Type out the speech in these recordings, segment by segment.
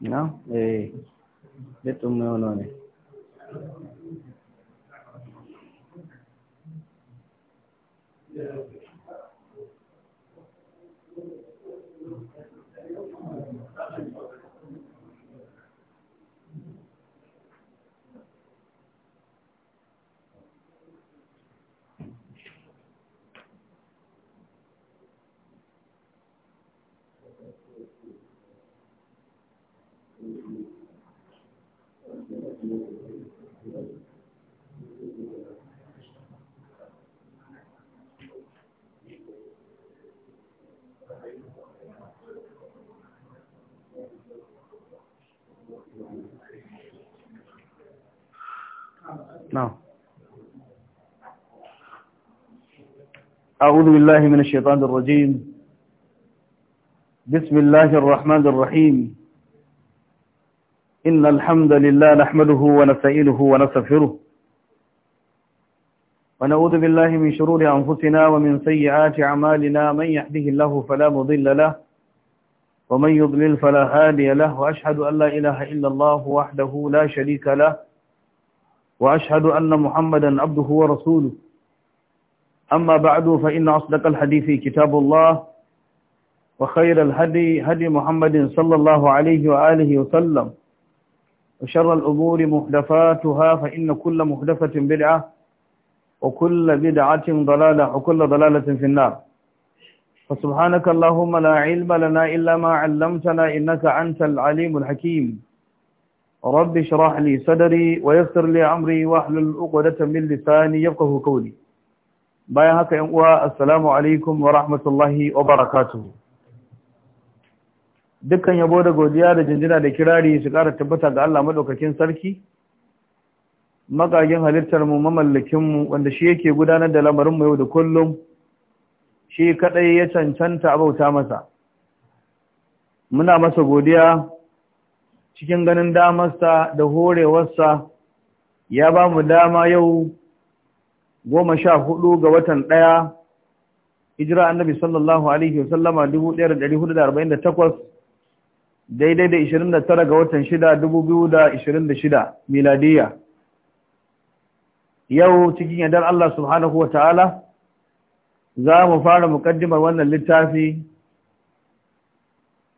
No, eh, ne um no, no, Yeah. نعم أعوذ بالله من الشيطان الرجيم بسم الله الرحمن الرحيم إن الحمد لله نحمده ونسائله ونستغفره ونعوذ بالله من شرور أنفسنا ومن سيئات أعمالنا من يحده الله فلا مضل له ومن يضلل فلا هادي له وأشهد أن لا إله إلا الله وحده لا شريك له وأشهد أن محمدا عبده ورسوله أما بعد فإن أصدق الحديث كتاب الله وخير الهدي هدي محمد صلى الله عليه وآله وسلم وشر الأمور محدثاتها فإن كل محدثة بدعة وكل بدعة ضلالة وكل ضلالة في النار فسبحانك اللهم لا علم لنا إلا ما علمتنا إنك أنت العليم الحكيم رب اشرح لي صدري ويسر لي أمري واحلل عقدة من لساني يفقه قولي بايا هكا السلام عليكم ورحمة الله وبركاته dukkan yabo da godiya da jinjina da kirari su ƙara tabbata ga Allah madaukakin sarki magagin halittar mu mamallakin mu wanda shi yake gudanar da lamarin mu yau da kullum shi kadai ya cancanta abauta masa muna masa godiya cikin ganin damarsa da horewarsa ya ba mu dama yau goma sha hudu ga watan ɗaya hijira annabi sallallahu alaihi wasallama 1448 daidai da 29 ga watan 6,226 miladiyya miladiya yau cikin yadda Allah subhanahu wa ta'ala za mu fara mukaddimar wannan littafi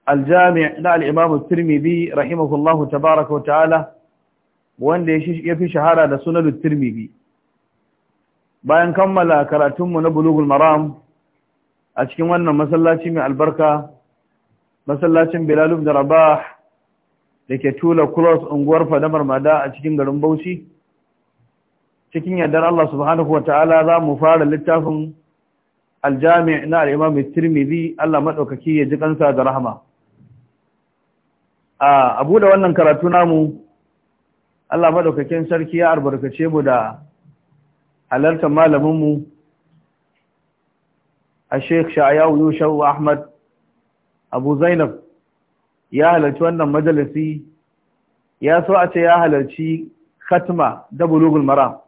aljami na al'imamu turmibi rahimahullahu tabaraka wa ta'ala wanda ya fi shahara da sunanin turmibi bayan kammala karatunmu na bulugul maram a cikin wannan masallaci mai albarka masallacin Bilal da Rabah da ke tula cross unguwar Fadamar Mada a cikin garin Bauchi cikin yardar Allah subhanahu wataala za mu fara littafin Al-Jami' na al-Imam Tirmidhi Allah madaukaki ya ji kansa da rahama a abu da wannan karatu namu Allah madaukakin sarki ya albarkace mu da halartar malamin mu a Sheikh Sha'ayawu Yusuf Ahmad abu zainab ya halarci wannan majalisi ya so a ce ya halarci khatma da bulugul maram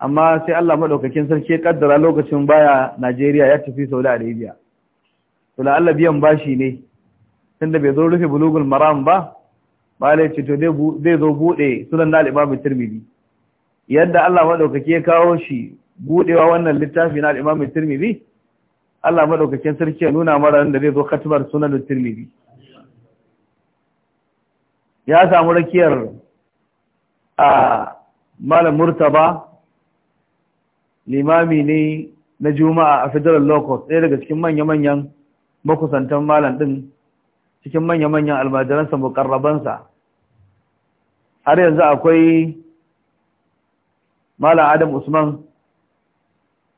amma sai Allah maɗaukakin sarki ya kaddara lokacin baya Najeriya ya tafi Saudi Arabia to la Allah biyan bashi ne tunda bai zo rufe bulugul maram ba ba ce to zai zo bude sunan na al-Imam Tirmidhi yadda Allah maɗaukaki ya kawo shi budewa wannan littafi na al-Imam Tirmidhi Allah madaukakin sarki ya nuna mara da zai zo khatmar sunan tirmidhi ya samu rakiyar a malam murtaba limami ne na juma'a a federal locus ɗaya daga cikin manya-manyan makusantan malam ɗin cikin manya-manyan almajiransa mukarrabansa har yanzu akwai malam adam usman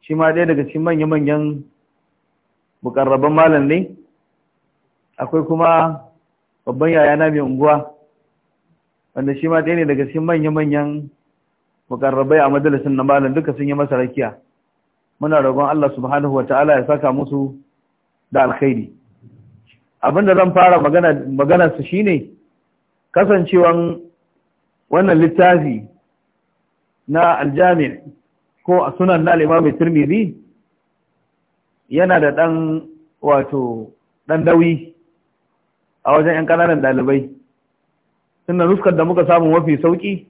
shi ma ɗaya daga cikin manya-manyan mukarraban malam ne akwai kuma babban yayana mai unguwa wanda shi ma ɗaya ne daga cikin manya-manyan mukarrabai a madalisin na malam duka sun yi masa rakiya muna rogon Allah subhanahu wata'ala ya saka musu da alkhairi abinda zan fara magana magana su shine kasancewan wannan littafi na aljami' ko a sunan na alimami turmizi? yana da ɗan wato ɗan dawi a wajen 'yan ƙananan ɗalibai tunda nuskar da muka samu mafi sauƙi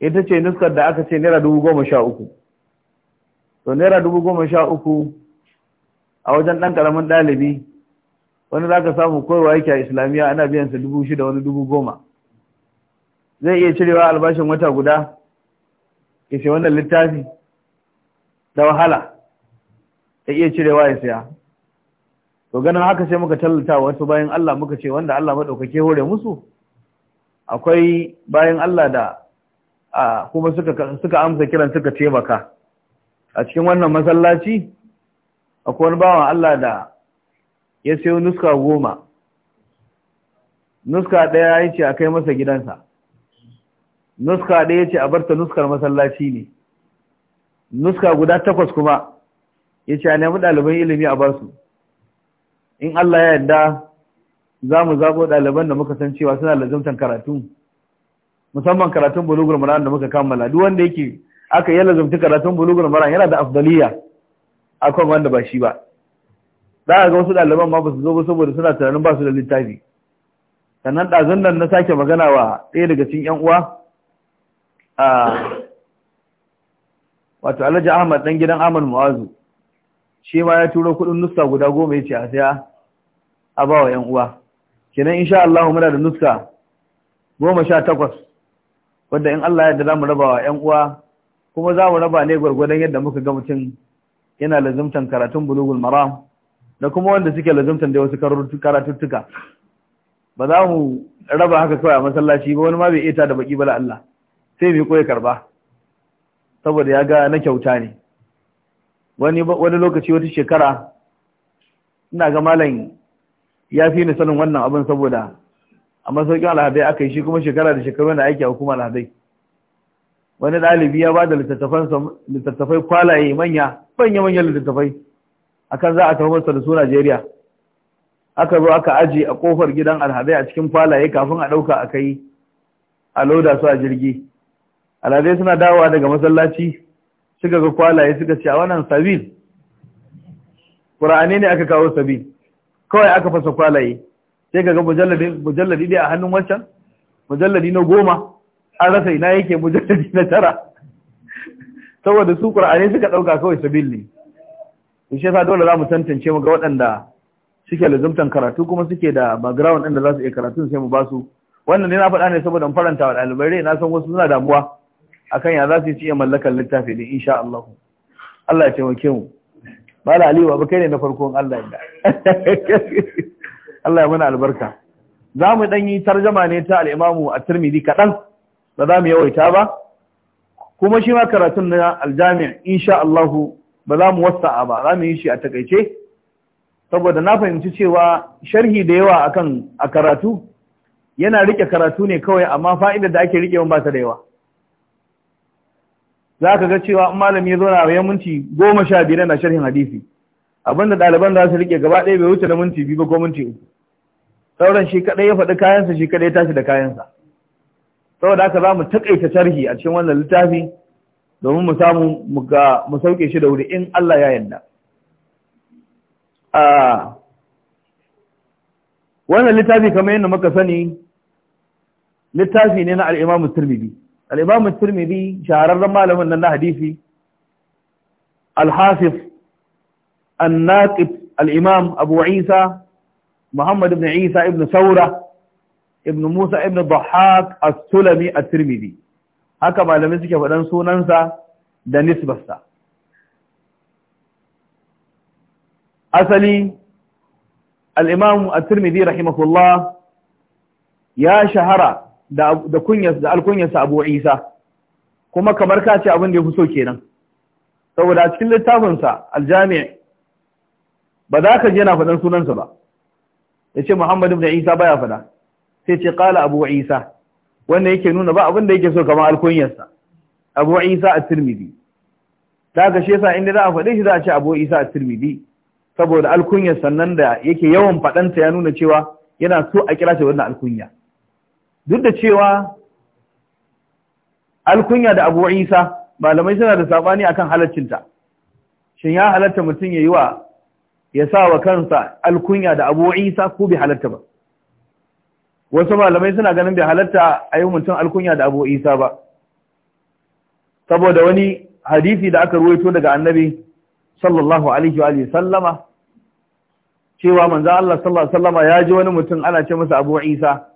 ita ce nuskar da aka ce naira dubu goma sha uku to naira dubu goma sha uku a wajen ɗan ƙaramin ɗalibi wani za ka samu koyarwa yake a islamiyya ana biyansa dubu shida wani dubu goma zai iya cirewa albashin wata guda ya ce wannan littafi da wahala ya iya cirewa ya saya to ganin haka sai muka tallata wasu bayan Allah muka ce wanda Allah madaukake hore musu akwai bayan Allah da kuma suka amsa kiran suka taimaka a cikin wannan masallaci akwai wani bawan Allah da ya sayo nuska goma nuska ɗaya ya ce a kai masa gidansa nuska ɗaya ya ce a barta nuskar masallaci ne nuska guda takwas kuma ya ce a nemi ɗaliban ilimi a basu in Allah ya yarda za mu zaɓo ɗaliban da muka san cewa suna lazimtan karatu musamman karatun bulugul maran da muka kammala duk wanda yake aka yi lazimta karatun bulugul maran yana da afdaliya Akwai wanda ba shi ba za a ga wasu ɗaliban ma ba su zo ba saboda suna tunanin ba su da littafi sannan ɗazun nan na sake magana wa ɗaya daga cikin 'yan uwa a wato alhaji ahmad ɗan gidan ahmad mu'azu shi ma ya turo kudin nuska guda goma ya ce a saya a ba wa ‘yan uwa kenan insha Allah muna da nuska goma sha takwas wadda in Allah yadda za mu raba wa ‘yan uwa kuma za mu raba ne gwargwadon yadda muka ga mutum yana lazimtan karatun bulugul maram da kuma wanda suke lazimtan da wasu karatuttuka ba za mu raba haka kawai a masallaci ba wani ma bai ita da baki ba Allah sai bai koya karba saboda ya ga na kyauta ne wani wani lokaci wata shekara ina ga malam ya fi ni sanin wannan abin saboda a masaukin alhadai aka yi shi kuma shekara da shekaru na aiki a hukumar alhadai wani ɗalibi ya ba da littattafai kwalaye manya manya manya littattafai akan za a tafi masa da su Najeriya aka zo aka aje a kofar gidan alhadai a cikin kwalaye kafin a ɗauka a kai a loda su a jirgi alhadai suna dawowa daga masallaci suka ga kwalaye suka ce a wannan sabil ƙura'ani ne aka kawo sabil kawai aka fasa kwalaye sai kaga ga mujalladi ne a hannun wancan mujalladi na goma an rasa ina yake mujalladi na tara saboda su ƙura'ani suka ɗauka kawai sabil ne in shi yasa dole za mu tantance mu ga waɗanda suke lazumtan karatu kuma suke da background ɗin da za su iya karatun sai mu ba su wannan ne na faɗa ne saboda in faranta wa ɗalibai rai na san wasu suna damuwa akan ya za su ci mallakar littafi din insha Allah Allah ya taimake mu mala aliyu kai ne na farkon Allah ya Allah ya muna albarka zamu mu dan yi tarjama ne ta al-Imam at-Tirmidhi kadan ba za mu yawaita ba kuma shi ma karatun na al-Jami' insha Allah ba za mu wasa'a ba za mu yi shi a takaice saboda na fahimci cewa sharhi da yawa akan a karatu yana rike karatu ne kawai amma fa'idar da ake rike ba ta da yawa za ka ga cewa in malami ya zauna bayan minti goma sha biyar na sharhin hadisi abinda ɗaliban za su rike gaba ɗaya bai wuce da minti biyu ba ko minti uku sauran shi kaɗai ya faɗi kayansa shi kaɗai ya tashi da kayansa saboda haka za mu taƙaita sharhi a cikin wannan littafi domin mu samu mu sauke shi da wuri in Allah ya yarda wannan littafi kamar yadda muka sani littafi ne na al'imamu turmidi الإمام الترمذي شعر له أن أنه حديثي الحافظ الناقب الإمام أبو عيسى محمد بن عيسى ابن ثورة ابن موسى ابن الضحاك السلمي الترمذي هكما لم يسكى فننسو ننسى دنس بسا أسلي الإمام الترمذي رحمه الله يا شهرة da kunyas da alkunyarsa Abu Isa kuma kamar ka ce abin da ya fi so kenan saboda cikin littafinsa aljami' ba za ka je na faɗan sunansa ba ya ce Muhammad ibn Isa baya faɗa sai ce qala Abu Isa wanda yake nuna ba abin da yake so kamar alkunyarsa Abu Isa at-Tirmidhi daga shi yasa inda za a faɗe shi za a ce Abu Isa at-Tirmidhi saboda alkunyar sannan da yake yawan faɗanta ya nuna cewa yana so a kira shi wannan alkunya duk da cewa alkunya da abu isa malamai suna da sabani akan halaccinta shin ya halatta mutum ya yi wa ya sa wa kansa alkunya da abu isa ko bai halatta ba wasu malamai suna ganin bai halatta a yi mutum alkunya da abu isa ba saboda wani hadisi da aka ruwaito daga annabi sallallahu alaihi wa sallama cewa manzo Allah sallallahu alaihi wa sallama ya ji wani mutum ana ce masa abu isa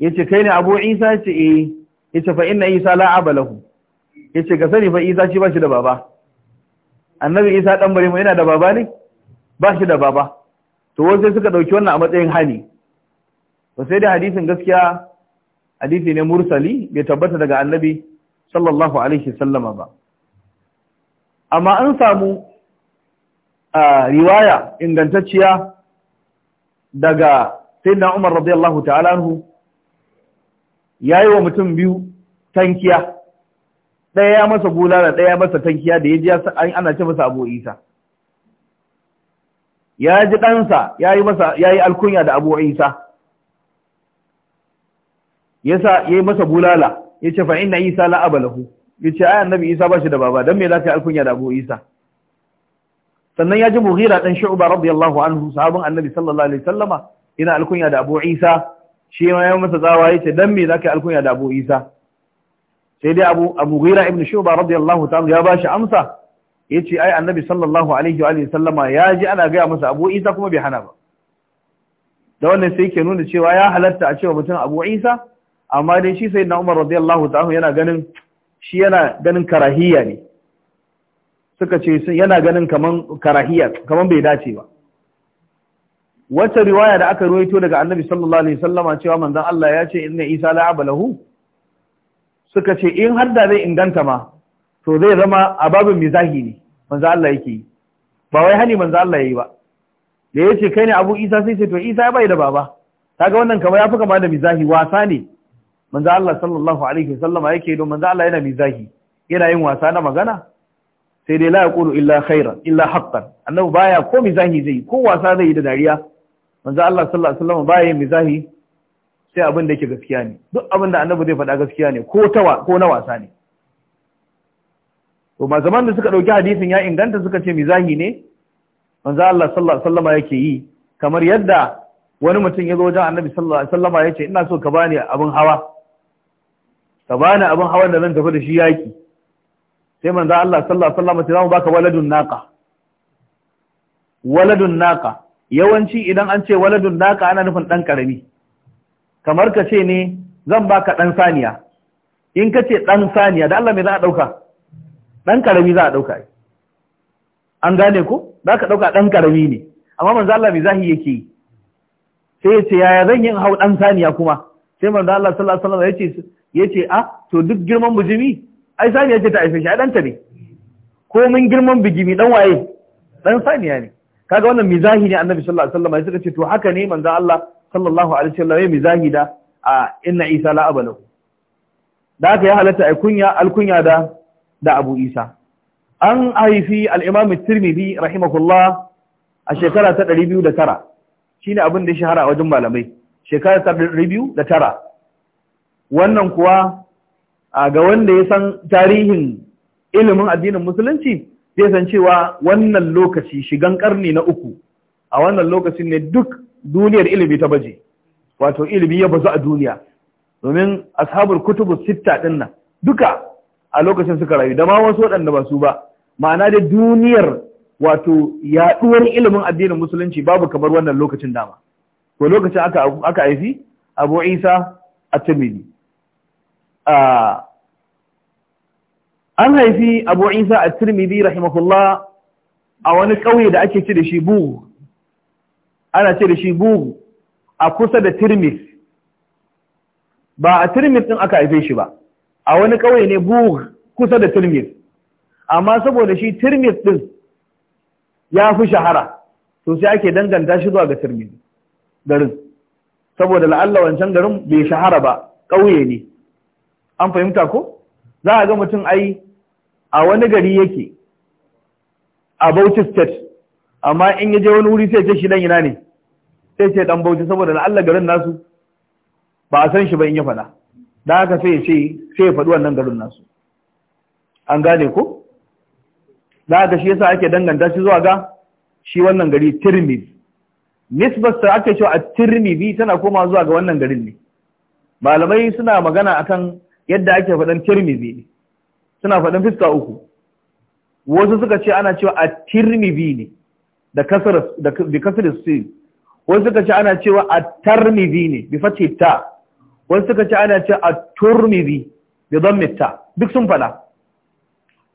yace kai ne abu isa ce eh yace fa inna isa la aba yace ka sani fa isa shi ba shi da baba annabi isa ɗan bare mu yana da baba ne ba shi da baba to wasu suka ɗauki wannan a matsayin hani to sai da hadisin gaskiya hadisi ne mursali bai tabbata daga annabi sallallahu alaihi sallama ba amma an samu riwaya ingantacciya daga sayyidina Umar radiyallahu ta'ala anhu ya yi wa mutum biyu tankiya ɗaya ya masa bulala ɗaya ya masa tankiya da ya ji ana ce masa abu isa ya ji ɗansa ya yi masa ya yi alkunya da abu isa ya sa ya yi masa bulala ya ce fa inna isa la abalahu ya ce ai annabi isa ba shi da baba don me za ka yi alkunya da abu isa sannan ya ji mughira dan shu'ba radiyallahu anhu sahabin annabi sallallahu alaihi wasallama ina alkunya da abu isa shi ma ya masa tsawa yace dan me zaka alkunya da Abu Isa sai dai Abu Abu Ghira ibn Shuba radiyallahu ta'ala ya bashi amsa yace ai Annabi sallallahu alaihi wa alihi sallama ya ji ana ga masa Abu Isa kuma bai hana ba da wannan sai ke nuna cewa ya halatta a cewa mutum Abu Isa amma dai shi sayyidina Umar radiyallahu ta'ala yana ganin shi yana ganin karahiya ne suka ce yana ganin kaman karahiya kaman bai dace ba wata riwaya da aka ruwaito daga annabi sallallahu alaihi wasallama cewa manzon Allah ya ce inna isa la'aba lahu suka ce in har da zai inganta ma to zai zama a babin mizahi ne manzon Allah yake yi ba wai hani manzon Allah yayi ba da ya ce kai ne abu isa sai ce to isa ya bai da baba kaga wannan kamar ya fi kama da mizahi wasa ne manzo Allah sallallahu alaihi wasallama yake don manzo Allah yana mizahi yana yin wasa na magana sai dai la yaqulu illa khairan illa haqqan annabi baya ko mizahi zai ko wasa zai da dariya manzo Allah sallallahu alaihi wasallam baya yin mizahi sai abin da yake gaskiya ne duk abin da annabi zai faɗa gaskiya ne ko tawa ko na wasa ne to zaman da suka dauki hadisin ya inganta suka ce mizahi ne manzo Allah sallallahu alaihi wasallam yake yi kamar yadda wani mutum ya zo wajen annabi sallallahu alaihi wasallam yace ina so ka bani abin hawa ka bani abin hawa da zan tafi da shi yaki sai manzo Allah sallallahu alaihi wasallam ya ce zamu baka waladun naqa waladun naqa yawanci idan an ce waladun daka ana nufin ɗan ƙarami kamar ka ce ne zan baka ɗan saniya in ka ce ɗan saniya da Allah mai za a ɗauka ɗan ƙarami za a ɗauka an gane ku za ka ɗauka ɗan ƙarami ne amma manzo Allah mai zahi yake yi sai ya ce yaya zan yin hau ɗan saniya kuma sai manzo Allah sallallahu alaihi wasallam yace yace a ah, to duk girman bujimi ai saniya ce ta haife shi ai ɗanta ne ko mun girman bujimi ɗan waye dan saniya ne kaga wannan mizahi ne annabi sallallahu alaihi wasallam suka ce to haka ne manzo Allah sallallahu alaihi wasallam ya mizahi da a inna isa la abalahu da haka ya halatta ai kunya alkunya da da abu isa an haifi al-imam at-tirmidhi rahimahullah a shekara ta 209 shine abin da ya shahara a wajen malamai shekara ta 209 wannan kuwa ga wanda ya san tarihin ilimin addinin musulunci zai san cewa wannan lokaci shigan karni na uku a wannan lokacin ne duk duniyar ilimi ta baje wato ilimi ya bazu a duniya domin ashabul kutubu sitta din nan duka a lokacin suka rayu da ma wasu waɗanda ba su ba ma'ana da duniyar wato yaɗuwar ilimin addinin musulunci babu kamar wannan lokacin dama to lokacin aka aka haifi Abu Isa at-Tirmidhi a ah, an haifi abu isa a tirmidhi rahimahullah a wani ƙauye da ake ce da shi bug ana ce da shi a kusa da tirmidh ba a tirmidh din aka haife shi ba a wani ƙauye ne bug kusa da tirmidh amma saboda shi tirmidh ɗin ya fi shahara to sai ake danganta shi zuwa ga tirmidh garin saboda la'alla wancan garin bai shahara ba ƙauye ne an fahimta ko za a ga mutum ai a wani gari yake a Bauchi state amma in ya je wani wuri sai ce shi dan ina ne sai ce dan Bauchi saboda Allah garin nasu ba a san shi ba in ya faɗa dan haka sai ya ce sai ya fadi wannan garin nasu an gane ko dan haka shi yasa ake danganta shi zuwa ga shi wannan gari Tirmidhi nisbar sa ake cewa a Tirmidhi tana koma zuwa ga wannan garin ne malamai suna magana akan yadda ake faɗan tirmizi ne suna faɗan fiska uku wasu suka ce ana cewa a tirmizi ne da kasar da sin wasu suka ce ana cewa a tarmizi ne bi fatih ta wasu suka ce ana cewa a turmizi bi dhammi mita duk sun faɗa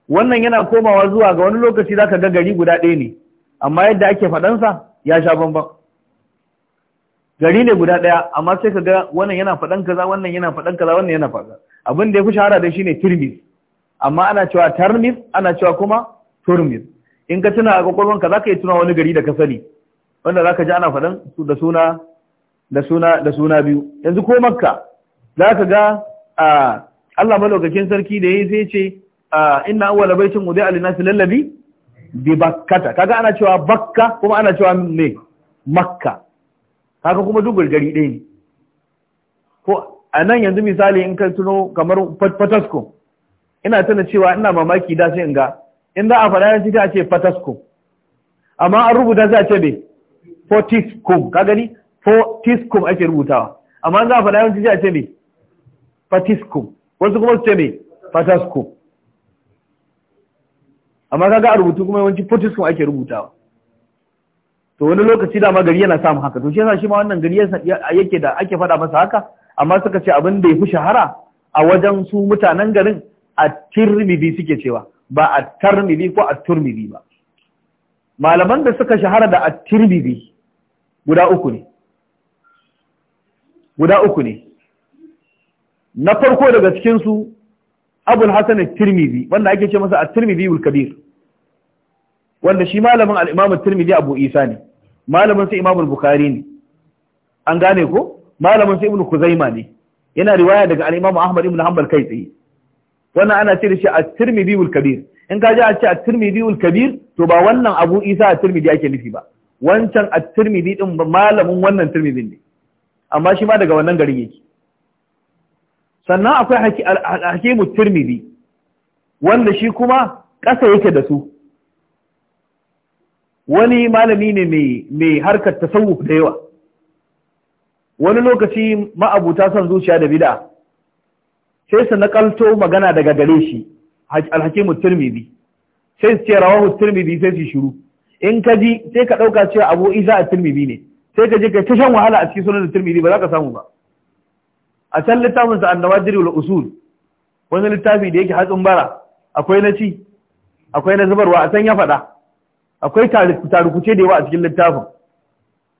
wannan yana komawa zuwa ga wani lokaci ka ga gari guda ɗaya ne amma yadda ake faɗansa ya sha bambam gari ne guda ɗaya amma sai ka ga wannan yana faɗan kaza wannan yana faɗan kaza wannan yana faɗan. abin da ya fi shahara da shi ne turmis amma ana cewa tarmis ana cewa kuma turmis in ka tuna a kwakwalwanka za ka yi tuna wani gari da ka sani wanda za ka ji ana faɗin da suna da suna da suna biyu yanzu ko makka za ka ga Allah malaukakin sarki da ya sai ce inna awwala baitin wudi alinasi lallabi bi bakkata kaga ana cewa bakka kuma ana cewa me makka kaga kuma duk gari ɗaya ne ko a nan yanzu misali in ka tuno kamar fatasko ina tana cewa ina mamaki da sai in ga in za a faɗa yanzu ta ce fatasko amma an rubuta sai a ce be fortiscum ka gani fortiscum ake rubutawa amma za a faɗa yanzu ta ce be fatiscum wasu kuma su ce be fatascum amma kaga a rubutu kuma yawanci fortiscum ake rubutawa to wani lokaci da ma gari yana samun haka to shi yasa shi ma wannan gari yake da ake faɗa masa haka amma suka ce abin da ya fi shahara a wajen su mutanen garin a tirmidhi suke cewa ba a tarmidhi ko a turmibi ba malaman da suka shahara da a tirmidhi guda uku ne guda uku ne na farko daga cikinsu su abul hasan at-tirmidhi wanda ake ce masa a tirmidhi al-kabir wanda shi malamin al-imam tirmidhi abu isa ne malamin sa imam al-bukhari ne an gane ko malamin sai ibnu kuzaima ne yana riwaya daga al-imam ahmad ibn hanbal kai tsaye wannan ana ce da shi at-tirmidhi wal kabir in ka ji a ce at-tirmidhi wal kabir to ba wannan abu isa at-tirmidhi ake nufi ba wancan at-tirmidhi din malamin wannan tirmidhi ne amma shi ma daga wannan garin yake sannan akwai hakimu tirmidhi wanda shi kuma ƙasa yake da su wani malami ne mai harkar tasawuf da yawa wani lokaci ma'abuta son zuciya da bid'a sai su nakalto magana daga gare shi alhakimu turmibi sai su ce rawahu turmibi sai su shiru in ka ji sai ka ɗauka cewa abu isa a turmibi ne sai ka je ka ta shan wahala a cikin sunan turmibi ba za ka samu ba a can littafin sa annawadir wal usul wani littafi da yake hatsin bara akwai na ci akwai na zubarwa a can ya faɗa akwai tarukuce da yawa a cikin littafin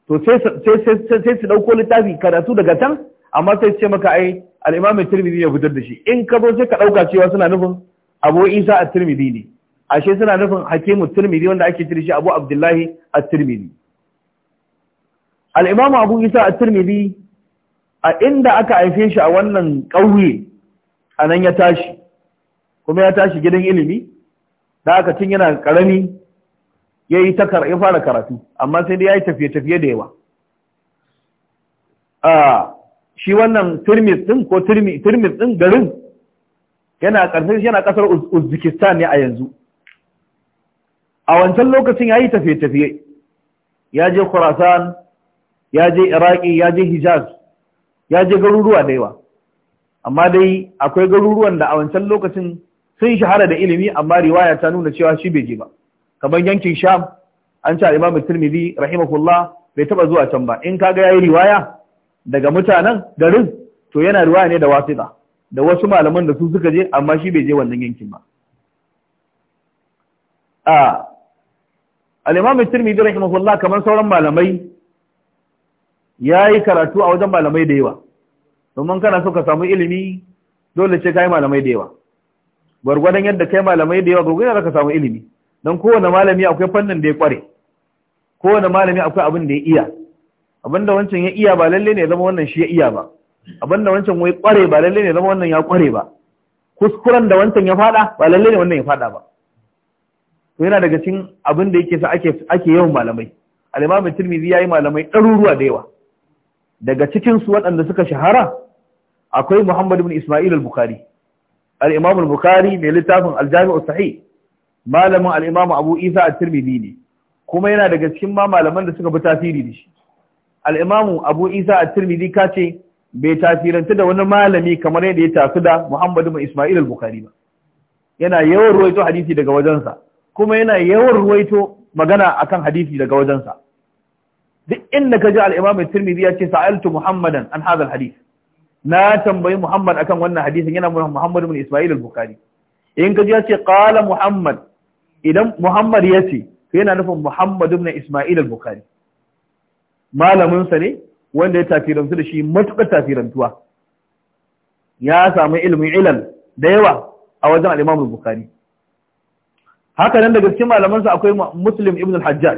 to sai su ɗauko littafi karatu daga can amma sai su ce maka ai al'imamin ne ya fitar da shi in ka zo sai ka ɗauka cewa suna nufin abu isa a turmidi ne ashe suna nufin hakimu turmidi wanda ake cire shi abu abdullahi a turmidi. al'imamu abu isa a turmidi a inda aka haife shi a wannan ƙauye a nan ya tashi kuma ya tashi gidan ilimi da aka tun yana ƙarami ya yi takar ya fara karatu amma sai dai ya yi tafiye-tafiye da yawa a shi wannan turmis din ko turmis din garin yana karfin shi yana kasar uzbekistan ne a yanzu a wancan lokacin ya yi tafiye-tafiye ya je khurasan ya je iraki ya je hijaz ya je garuruwa da yawa amma dai akwai garuruwan da a wancan lokacin sun shahara da ilimi amma riwaya ta nuna cewa shi bai je ba kamar yankin sham an ce imam tirmidhi rahimahullah bai taba zuwa can ba in kaga yayi riwaya daga mutanen garin to yana riwaya ne da wasita da wasu malaman da su suka je amma shi bai je wannan yankin ba a al-imam tirmidhi rahimahullah kamar sauran malamai yayi karatu a wajen malamai da yawa domin kana so ka samu ilimi dole ce kai malamai da yawa gwargwadon yadda kai malamai da yawa gwargwadon yadda ka samu ilimi don kowane malami akwai fannin da ya kware kowane malami akwai abin da ya iya abinda wancan ya iya ba lalle ne zama wannan shi ya iya ba abinda wancan wai kware ba lalle ne zama wannan ya kware ba kuskuren da wancan ya fada ba lalle ne wannan ya fada ba to yana daga cikin abin da yake sa ake ake yawan malamai al-Imam Tirmidhi yayi malamai daruruwa da yawa daga cikin su waɗanda suka shahara akwai Muhammad ibn Isma'il al-Bukhari al-Imam al-Bukhari mai littafin al-Jami' sahih malamin al'imamu Abu Isa a tirmidhi ne kuma yana daga cikin ma malaman da suka fi tasiri da shi al Abu Isa at-Tirmidhi ce bai tasiranta da wani malami kamar yadda ya tasu da Muhammadu bin Isma'il al-Bukhari ba yana yawan ruwaito hadisi daga wajensa kuma yana yawan ruwaito magana akan hadisi daga wajensa duk inda ka ji al'imamu imam at-Tirmidhi ya ce sa'altu Muhammadan an hadha al na tambayi Muhammad akan wannan hadisin yana Muhammad bin Isma'il al-Bukhari in ka ji ya ce qala Muhammad idan Muhammad ya ce to yana nufin Muhammad ibn Isma'il al-Bukhari Malaminsa ne wanda ya tafirantu da shi matuƙar tafirantuwa ya samu ilimin ilal da yawa a wajen al-Imam al-Bukhari haka nan daga cikin malamansa akwai Muslim ibn al-Hajjaj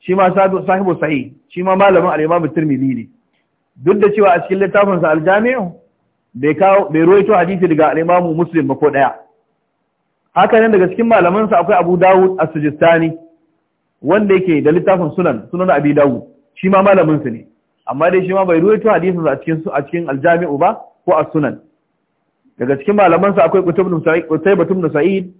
shi ma sahibu sahi, shi ma malamin al-Imam tirmidhi ne duk da cewa a cikin littafinsa sa bai kawo bai ruwaito hadisi daga al-Imam Muslim ba ko daya haka nan daga cikin malamansa akwai abu dawud as-sijistani wanda yake da littafin sunan sunan abi dawud shi ma malaminsa ne amma dai shi ma bai ruwaito hadisin a cikin a cikin aljami'u ba ko a sunan daga cikin malamansa akwai qutb ibn sa'id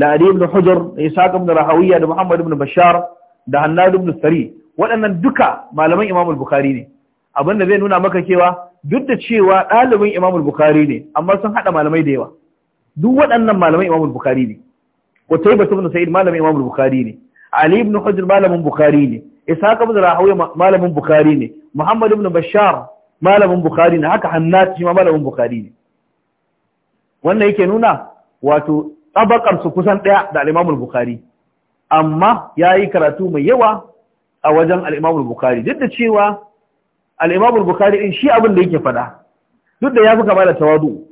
La'adin ibn sa'id da ali ibn hujr da ishaq ibn rahawiya da muhammad ibn bashar da hannad ibn sari waɗannan duka malaman imam al-bukhari ne abinda zai nuna maka cewa duk da cewa ɗalibin imam al-bukhari ne amma sun haɗa malamai da yawa duk waɗannan malamai Imam Bukhari ne Qutayba ibn Sa'id malamin Imam Bukhari ne Ali ibn Hujr malamin Bukhari ne Ishaq ibn Rahawi malamin Bukhari ne Muhammad ibn Bashar malamin Bukhari ne haka Hannat shi ma malamin Bukhari ne wannan yake nuna wato tabakar su kusan daya da al-Imam Bukhari amma yayi karatu mai yawa a wajen al-Imam Bukhari duk da cewa al-Imam Bukhari din shi abin da yake fada duk da ya fi kama da tawadu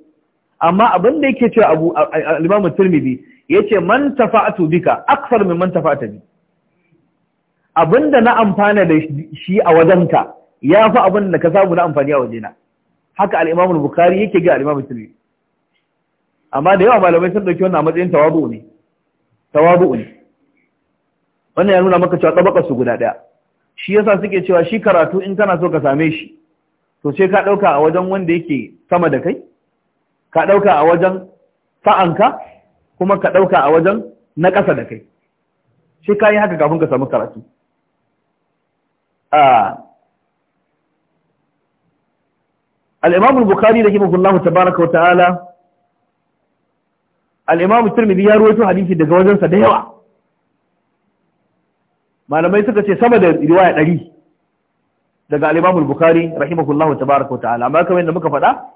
amma abin da yake cewa abu al-imam tirmidhi yace man tafa'atu bika akthar min man tafa'ata bi abinda na amfana da shi a wajenka yafi abin da ka samu na amfani a wajena haka al-imam bukhari yake ga al-imam tirmidhi amma da yawa malamai sun dauki wannan a matsayin tawabu ne tawabu ne wannan ya nuna maka cewa tabaka su guda daya shi yasa suke cewa shi karatu in kana so ka same shi to sai ka dauka a wajen wanda yake sama da kai ka ɗauka a wajen sa'anka kuma ka ɗauka a wajen na ƙasa da kai shi ka yi haka kafin ka samu karatu al'imamun bukari da kimafin lamu tabaraka wa ta'ala al'imamun turmidi ya ruwaito hadisi daga wajensa da yawa malamai suka ce sama da riwaya ɗari daga al'imamun bukari rahimahullahu tabaraka wa ta'ala amma kamar yadda muka faɗa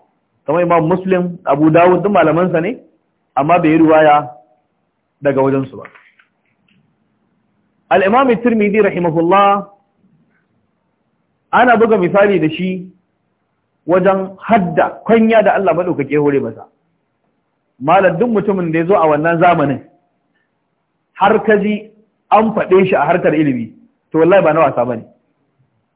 kamar imam muslim abu dawud duk malamansa ne amma bai yi riwaya daga wajensu ba al-imam tirmidhi rahimahullah ana buga misali da shi wajen hadda kwanya da Allah madaukake hore masa malar duk mutumin da ya zo a wannan zamanin har ka an faɗe shi a harkar ilimi to wallahi ba na wasa bane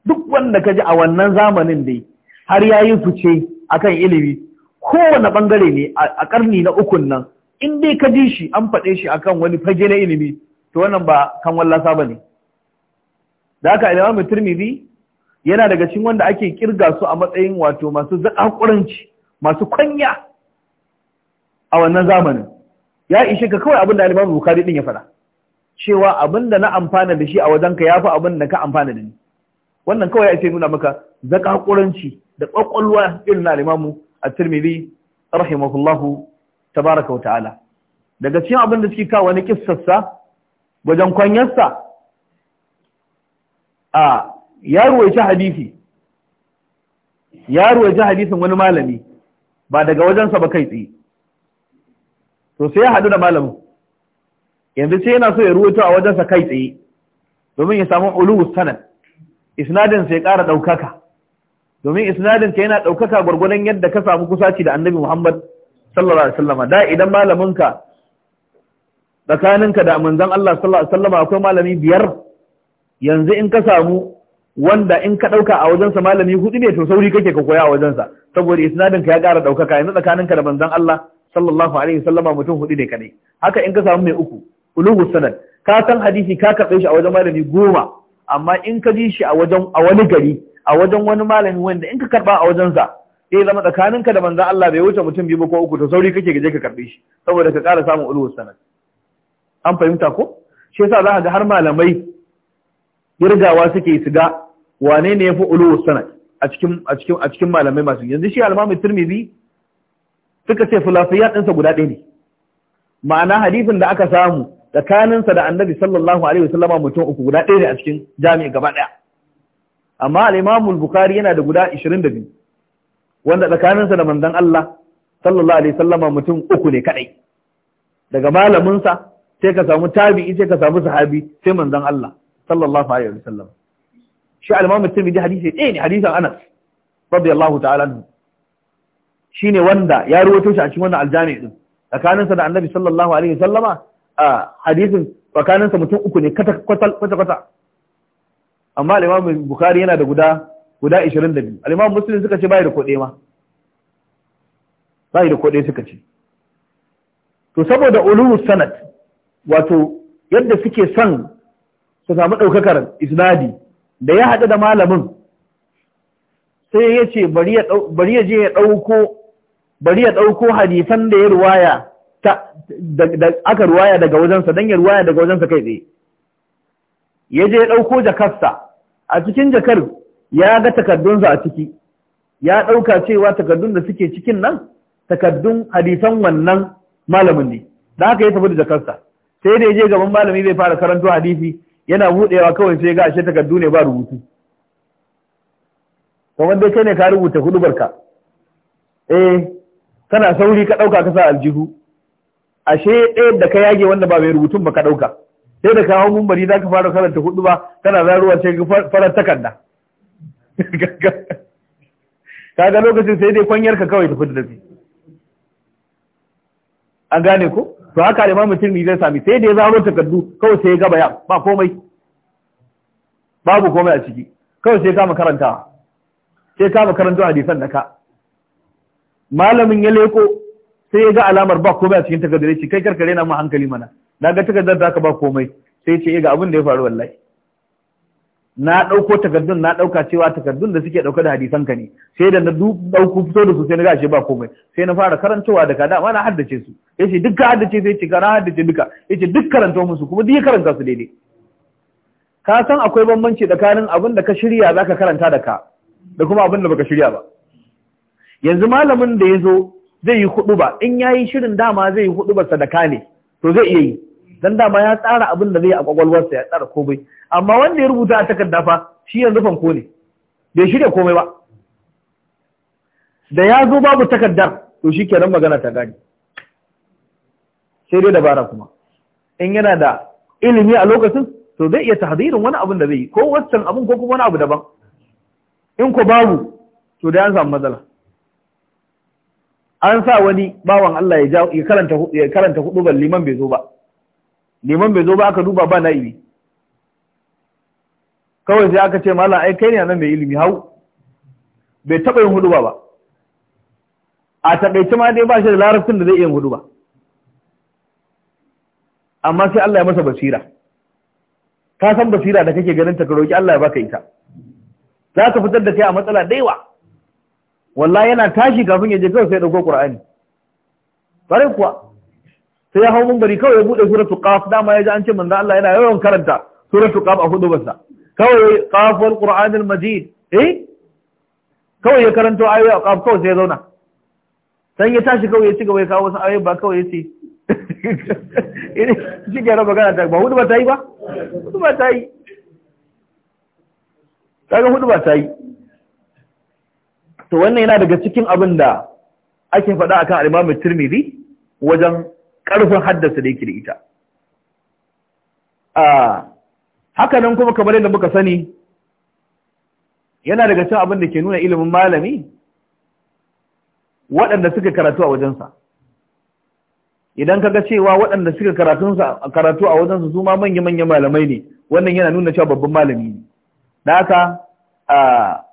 duk wanda ka ji a wannan zamanin dai har yi fice akan ilimi kowane bangare ne a karni na ukun nan in dai ka ji shi an faɗe shi akan wani fage na ilimi to wannan ba kan wallasa ba ne da haka imamu turmizi yana daga cikin wanda ake kirga su a matsayin wato masu zaƙaƙuranci masu kwanya a wannan zamanin ya ishe ka kawai abin da alimamu bukari din ya faɗa cewa abin da na amfana da shi a wajenka ya fi abin da ka amfana da ni wannan kawai ya ce nuna maka zaƙaƙuranci da ƙwaƙwalwa irin na a tirmidhi rahimahullahu tabaraka wa ta'ala daga cikin abin da suke kawo wani kissarsa wajen kwanyarsa a ya ruwaice hadisi ya hadisin wani malami ba daga wajensa ba kai tsaye to sai ya haɗu da malamin yanzu sai yana so ya ruwaito a wajensa kai tsaye domin ya samu uluwus sanad isnadinsa ya ƙara ɗaukaka domin isnadin ka yana ɗaukaka gwargwadon yadda ka samu kusaci da annabi Muhammad sallallahu alaihi wasallam da idan malaminka tsakaninka da manzon Allah sallallahu alaihi wasallam akwai malami biyar yanzu in ka samu wanda in ka ɗauka a wajensa malami hudu ne to sauri kake ka koya a wajensa saboda isnadin ka ya ƙara ɗaukaka yanzu tsakaninka da manzon Allah sallallahu alaihi wasallama mutum hudu ne kadai haka in ka samu mai uku ulugu sanad ka san hadisi ka karɓe shi a wajen malami goma amma in ka ji shi a wajen a wani gari a wajen wani malami wanda in ka karba a wajensa sai zama tsakaninka da manzon Allah bai wuce mutum biyu ko uku to sauri kake gaje ka karbe shi saboda ka ƙara samun ulul sanad an fahimta ko shi yasa za ka ga har malamai girgawa suke su ga wane ne yafi ulul sanad a cikin a cikin a cikin malamai masu yanzu shi al-Imam Tirmidhi suka ce fulafiyat ɗinsa guda ɗaya ne ma'ana hadisin da aka samu tsakaninsa da annabi sallallahu alaihi wasallama mutum uku guda ɗaya ne a cikin jami'i gaba ɗaya amma al-imamu al-bukhari yana da guda 22 wanda tsakaninsa da manzon Allah sallallahu alaihi wasallama mutum uku ne kadai daga malamin sa sai ka samu tabi'i sai ka samu sahabi sai manzon Allah sallallahu alaihi wasallam shi al-imamu at-tirmidhi hadisi ɗaya ne hadisin Anas radiyallahu ta'ala anhu shine wanda ya ruwato shi a cikin wannan aljami din tsakaninsa da annabi sallallahu alaihi wasallama hadisin tsakaninsa mutum uku ne kwata-kwata amma al'imamu bukari yana da guda guda 22 al'imamu musulun suka ce bayi da koɗe ma bayi da koɗe suka ce to saboda ululu sanad wato yadda suke son su samu ɗaukakar isnadi da ya haɗu da malamin sai ya ce bari ya je ya ɗauko bari ya ɗauko hadisan da ya ruwaya da aka ruwaya daga wajensa don ya ruwaya daga wajensa kai tsaye ya je ya ɗauko jakarsa a cikin jakar ya ga takardunsa a ciki ya ɗauka cewa takardun da suke cikin nan takardun hadisan wannan malamin ne da haka ya tafi da jakarsa sai da ya je gaban malami bai fara karanto hadisi yana buɗewa kawai sai ga ashe takardu ne ba rubutu kamar dai kai ne ka rubuta hudubarka eh kana sauri ka ɗauka kasa sa aljihu ashe ɗaya da ka yage wanda ba mai rubutun ba ka ɗauka sai da kawo mumbari za ka fara karanta hudu ba kana zaruwa sai farar takarda kaga lokacin sai dai kwanyar ka kawai tafi da dafi an gane ko to haka da mamu tirmi zai sami sai za a zaro takardu kawai sai ya gaba ya ba komai babu komai a ciki kawai sai kama karantawa sai kama karanto hadisan da ka malamin ya leko sai ya ga alamar ba komai a cikin takardar ya ce kai karkare na mu hankali mana na ga takardar da aka ba komai sai ce eh, ga abin da ya faru wallahi na ɗauko takardun na ɗauka cewa takardun da suke dauka da hadisan ka ne sai da na ɗauko fito da su sai na ga shi ba komai sai na fara karantawa da kada na haddace su ya ce duk haddace sai ce na haddace duka ya ce duk karanta musu kuma duk karanta su daidai ka san akwai bambanci tsakanin abin da ka shirya zaka karanta da ka da kuma abin da baka shirya ba yanzu malamin da ya zo zai yi hudu ba in yayi shirin dama zai yi hudu ba sadaka ne to zai iya yi dan dama ya tsara abin da zai yi a kwakwalwarsa ya tsara komai amma wanda ya rubuta a takarda fa shi yanzu fanko ne bai shirya komai ba da ya zo babu takardar to shi kenan magana ta gani sai dai dabara kuma in yana da ilimi a lokacin to zai iya tahdirin wani abin da zai yi ko wancan abin ko kuma wani abu daban in ko babu to da ya samu matsala an sa wani bawan Allah ya karanta hudu ba liman bai zo ba liman bai zo ba aka duba ba na'ibi kawai sai aka ce mallam ai kai ne nan mai ilimi hau bai taba yin hudu ba a takaice ma dai ba shi da larabcin da zai iya ba amma sai Allah ya masa basira ka san basira da kake ganin ta roki Allah ya baka ita za ka fitar da kai a matsala daiwa wallahi yana tashi kafin ya je kawai sai dauko qur'ani bare kuwa sai ya hau bari kawai ya bude suratul qaf dama ya ji an ce manzo Allah yana yawan karanta suratul qaf a hudu bansa kawai qaf wal qur'anil majid eh kawai ya karanto ayoyi a qaf kawai sai ya zauna sai ya tashi kawai ya ci gaba ya kawo wasu ayoyi ba kawai ya ci. ini shi ke raba gana ta ba hudu ba ta yi ba hudu ba ta yi kaga hudu ba ta yi to wannan yana daga cikin abin da ake faɗa akan al-Imam Tirmidhi wajen ƙarfin haddasa da yake da ita ah haka nan kuma kamar yadda muka sani yana daga cikin abin da ke nuna ilimin malami waɗanda suka karatu a wajensa idan kaga cewa waɗanda suka karatu a wajen su ma manya-manya malamai ne wannan yana nuna cewa babban malami ne da haka ah,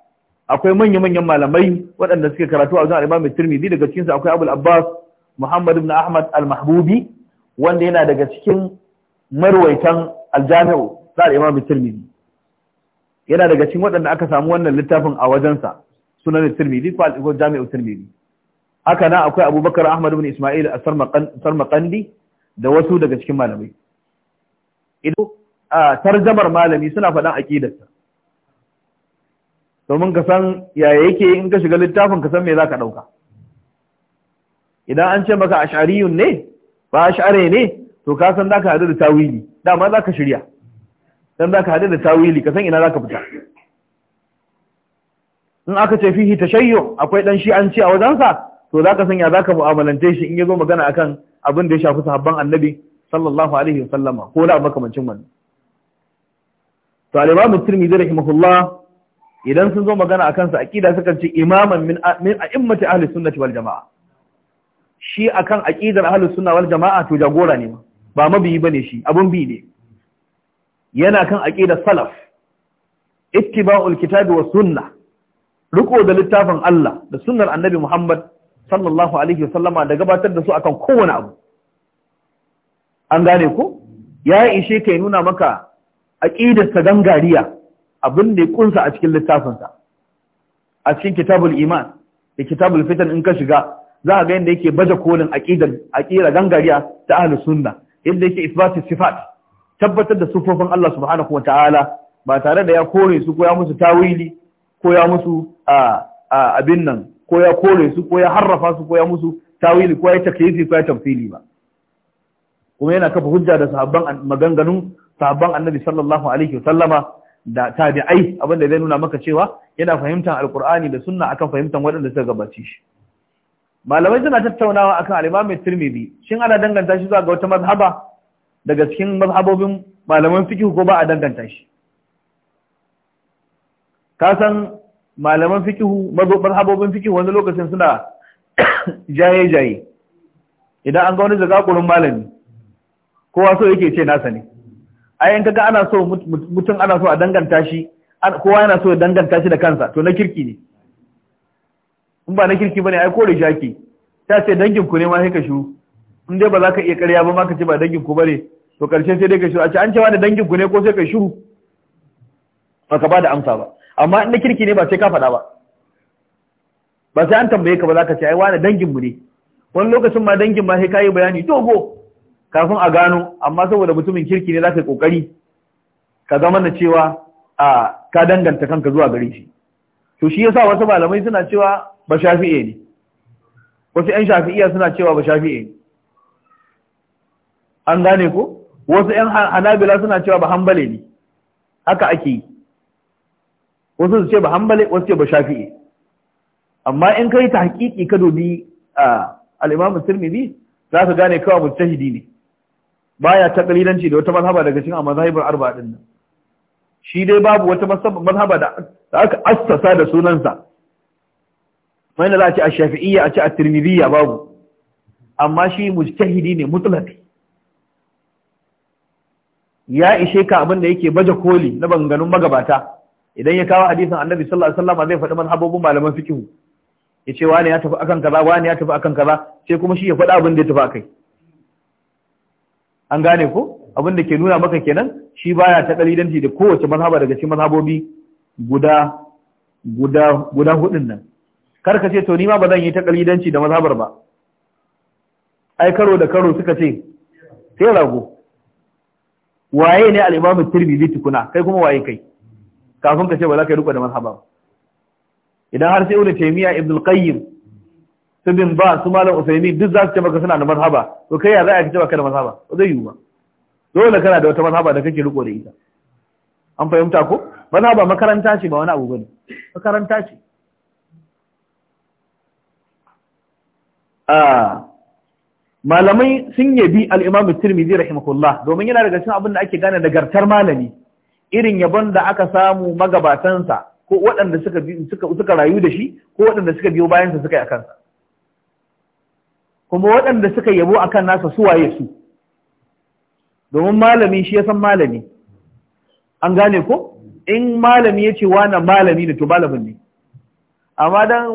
akwai manya-manyan malamai waɗanda suke karatu a wajen al-Imam Tirmidhi daga cikinsu akwai Abul Abbas muhammadu ibn Ahmad al-Mahbubi wanda yana daga cikin marwaitan aljami'u jamiu da al yana daga cikin waɗanda aka samu wannan littafin a wajensa sunan Tirmidhi ko Jami'u Tirmidhi haka na akwai Abubakar Ahmad ibn Isma'il as-Sarmaqandi da wasu daga cikin malamai idan tarjamar malami suna faɗan aƙidarsa domin ka san yaya yake in ka shiga littafin ka san me za ka ɗauka idan an ce maka a shari'un ne ba a ash'are ne to ka san za ka haɗu da tawili dama za ka shirya dan za ka haɗu da tawili ka san ina za ka fita in aka ce fihi ta shayyo, akwai ɗan shi an ce a wajensa to za ka san ya za ka mu'amalance shi in ya zo magana akan abin da ya shafi sahabban annabi sallallahu alaihi wa sallama, ko da makamancin wannan to al-imam tirmidhi rahimahullah idan sun zo magana a kansa, aqida sukan ce imaman min a a'immati ahli sunnati wal jamaa shi akan aqidar ahli sunna wal jamaa to jagora ne ba mabiyi bane shi abun bi ne yana kan aqidar salaf ittiba'ul kitabi was sunnah riko da littafin Allah da sunnar annabi Muhammad sallallahu alaihi wasallama da gabatar da su akan kowane abu an gane ko ya ishe kai nuna maka aqidar ta gangariya abin da ya kunsa a cikin littafinsa a cikin kitabul iman da kitabul fitan in ka shiga za a ga yadda yake baje kolin aqidar aqira gangariya ta ahlus sunna yadda yake isbatu sifat tabbatar da sufofin Allah subhanahu wataala ba tare da ya kore su ko ya musu tawili ko ya musu abin nan ko ya kore su ko ya harrafa su ko ya musu tawili ko ya takyifi ko ya tamfili ba kuma yana kafa hujja da sahabban maganganun sahabban annabi sallallahu alaihi wa sallama. da tabi'ai abinda zai nuna maka cewa yana fahimtar alkur'ani da sunna akan fahimtar waɗanda suka gabaci shi malamai suna tattaunawa akan al-Imam Tirmidhi shin ana danganta shi zuwa ga wata mazhaba daga cikin mazhabobin malaman fiqh ko ba a danganta shi ka san malaman fiqh mazhabobin fiqh wani lokacin suna jaye jaye idan an ga wani zagakurin malami kowa so yake ce nasa ne ai in kaga ana so mutum ana so a danganta shi kowa yana so ya danganta shi da kansa to na kirki ne in ba na kirki bane ai kore shi ake ta ce dangin ku ne ma sai ka shiru in dai ba za ka iya ƙarya ba ma ka ce ba dangin ku bane to karshe sai dai ka shiru a ce an cewa da dangin ku ne ko sai ka shiru ba ka ba da amsa ba amma in na kirki ne ba sai ka faɗa ba ba sai an tambaye ka ba za ka ce ai wani dangin mu ne wani lokacin ma dangin ma sai ka yi bayani dogo kafin a gano amma saboda mutumin kirki ne za ka yi kokari ka zama na cewa a ka danganta kanka zuwa gare shi to shi yasa wasu malamai suna cewa ba shafi'e ne wasu yan shafi'iya suna cewa ba shafi'e ne an gane ko wasu yan hanabila suna cewa ba hambale ne haka ake yi wasu su ce ba hambale wasu ce ba shafi'e amma in kai ta hakiki ka a al'imamu sirmi ne, za ka gane kawai mu ne baya takalilanci da wata mazhaba daga cikin mazhabul arba din nan shi dai babu wata mazhaba da aka assasa da sunansa mai da za a ce ash-shafi'iyya a ce at-tirmidhiyya babu amma shi mujtahidi ne mutlaq ya ishe ka abin da yake baje koli na banganun magabata idan ya kawo hadisin annabi sallallahu alaihi wasallam zai faɗi manhabobin malaman fiqh ya ce wani ya tafi akan kaza wani ya tafi akan kaza sai kuma shi ya faɗa abin da ya tafi akai an gane ko abin da ke nuna maka kenan shi baya ta kalidanci da kowace mazhaba daga cikin mazhabobi guda guda guda hudun nan kar ka ce to ni ma ba zan yi ta kalidanci da mazhabar ba ai karo da karo suka ce sai rago waye ne al-imam tirmidhi tukuna kai kuma waye kai kafin ka ce ba za ka yi riko da mazhaba ba idan har sai ibn taymiya ibn qayyim su ba su malam usaini duk za su ce maka suna da mazhaba to kai ya za a ce baka da mazhaba ba zai yiwu ba dole kana da wata mazhaba da kake riko da ita an fahimta ko mazhaba makaranta ce ba wani abu bane makaranta ce ah malamai sun yabi al-Imam Tirmidhi rahimahullah domin yana daga cikin abin da ake gane nagartar malami irin yabon da aka samu magabatansa ko waɗanda suka suka rayu da shi ko waɗanda suka biyo bayansa suka yi akansa kuma waɗanda suka yabo a kan nasa suwaye su domin malami shi ya san malami an gane ko in malami ya ce wani malami da to malamin ne amma dan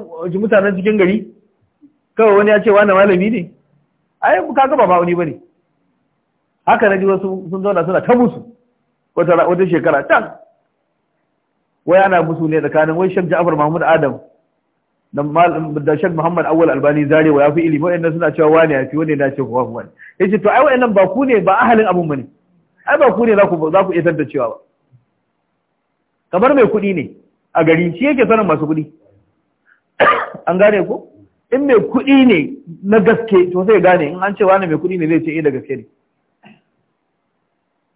mutanen cikin gari kawai wani ya ce wani malami ne ai kaga gaba ba wani bane haka na ji wasu sun zauna suna ta musu wata shekara ta. wai ana musu ne tsakanin wai shek ja'far mahmud adam da shek muhammad awal albani zarewa ya fi ilimi wa'in suna cewa wani ya fi wani na ce kuwa wani ya ce to ai nan ba ku ne ba ahalin abin ne. ai ba ku ne za ku isar da cewa ba kamar mai kuɗi ne a gari shi yake sanin masu kuɗi an gane ko in mai kuɗi ne na gaske to sai gane in an ce wani mai kuɗi ne zai ce eh da gaske ne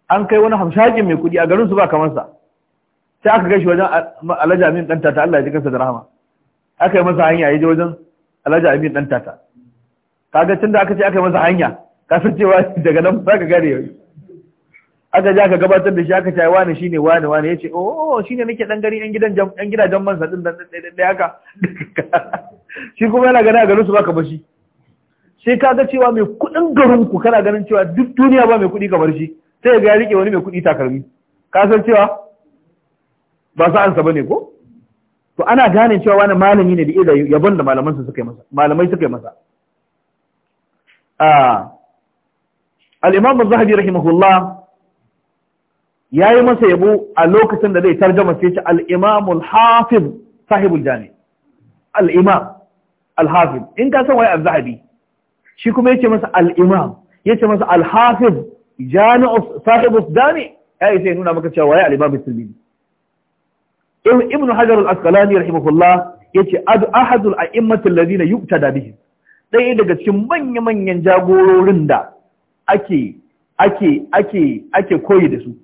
an kai wani hamshakin mai kuɗi a garin su ba kamar sa sai aka gashi wajen alajamin amin ɗanta ta Allah ya ji kansa da rahama aka yi masa hanya ya je wajen alhaji amin dan tata kaga tunda aka ce aka yi masa hanya kasancewa daga nan ba ka gane yau aka ji aka gabatar da shi aka ce wani shine wani wani ya ce oh shine nake dan gari yan gidan yan gidajen man sadin dan dai haka shi kuma yana gani a garin su baka bashi sai kaga cewa mai kudin garin ku kana ganin cewa duk duniya ba mai kudi kamar shi sai ga ya rike wani mai kudi san kasancewa ba ansa bane ko to ana gane cewa wani malami ne da ila yabon da malaman suka yi masa malamai suka yi masa ah, al-imam az-zahabi rahimahullah yi masa yabo a lokacin da zai tarjama sai ce al-imam al-hafiz sahibul jami al-imam in ka san waye az-zahabi shi kuma yace masa Al'imam, imam yace masa al-hafiz jami'u sahibu jami' yi sai nuna maka cewa waye al-imam ibn hajar al-asqalani rahimahullah yace adu ahadul a'immatu alladhina yuqtada bihi ɗaya daga cikin manya-manyan jagororin da ake ake ake ake koyi da su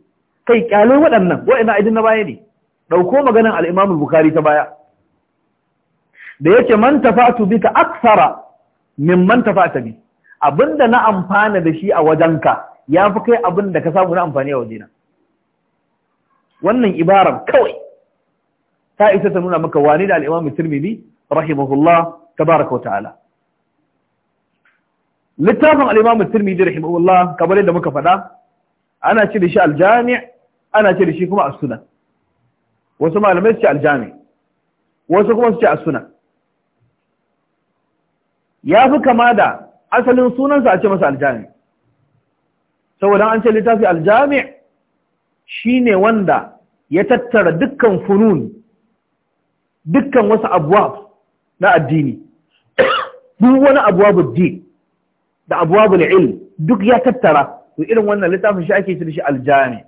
kai kyale waɗannan ina idan na baya ne ɗauko maganan al-imam bukhari ta baya da yake man tafatu bika aksara min man tafata bi abinda na amfana da shi a wajenka ya fi kai abinda ka samu na amfani a wajena wannan ibarar kawai ta isa ta nuna maka wane da al'imam tirmidhi rahimahullah tabaraka wa ta'ala littafin al'imam tirmidhi rahimahullah kamar yadda muka faɗa ana ce da shi aljami ana ce da shi kuma as-sunan wasu malamai su ce aljami wasu kuma su ce as-sunan ya fi kama da asalin sunansa a ce masa aljami saboda an ce littafi aljami shine wanda ya tattara dukkan funun dukkan wasu abuwab na addini duk wani abuwabul din da abuwabul ilm duk ya tattara to irin wannan littafin shi ake cire shi aljami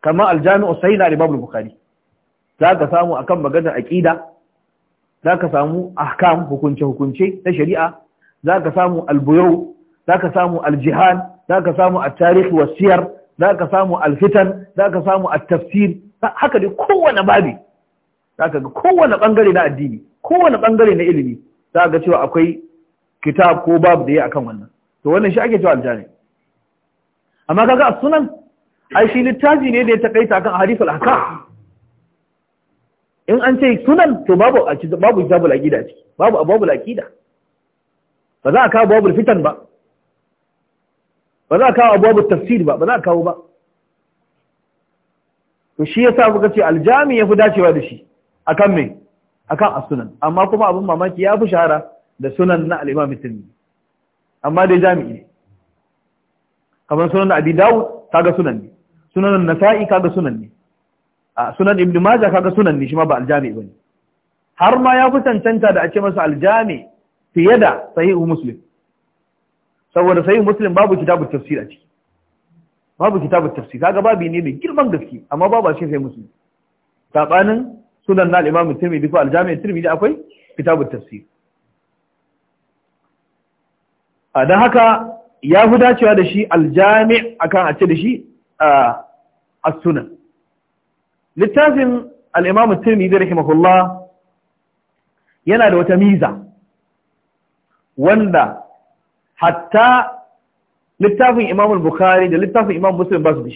kamar aljami usai na ribabul bukari za ka samu akan maganar aƙida za ka samu ahkam hukunce-hukunce na shari'a za ka samu albuyau za ka samu aljihan za ka samu a tarihi wasiyar za ka samu alfitan za ka samu a tafsir haka dai kowane babi za ka ga kowane ɓangare na addini kowane ɓangare na ilimi za ga cewa akwai kitab ko babu da ya akan wannan to wannan shi ake cewa aljani. amma kaga a sunan ai shi littafi ne da ya takaita akan hadithul haka. in an ce sunan to babu a cikin babu kitabul aqida ciki babu ababul aqida ba za a kawo babul fitan ba ba za a kawo ababul tafsir ba ba za a kawo ba to shi yasa kuka ce aljami yafi dacewa da shi akan me akan as-sunan amma kuma abin mamaki ya fi shahara da sunan na al-imam amma dai jami'i ne kamar sunan abi dawud kaga sunan ne sunan nasa'i kaga sunan ne a sunan ibnu majah kaga sunan ne shi ma ba al-jami bane har ma ya fi cancanta da a ce masa al-jami fiye da sahihu muslim saboda sahihu muslim babu kitabu tafsir a ciki babu kitabu tafsir kaga babu ne mai girman gaske amma babu a cikin sahihu muslim sabanin sunan na al-imam tirmidhi ko al-jami' tirmidhi akwai kitabut tafsir a dan haka ya fi dacewa da shi al akan a ce da shi a sunan littafin al-imam tirmidhi rahimahullah yana da wata miza wanda hatta littafin imam al-bukhari da littafin imam muslim ba su da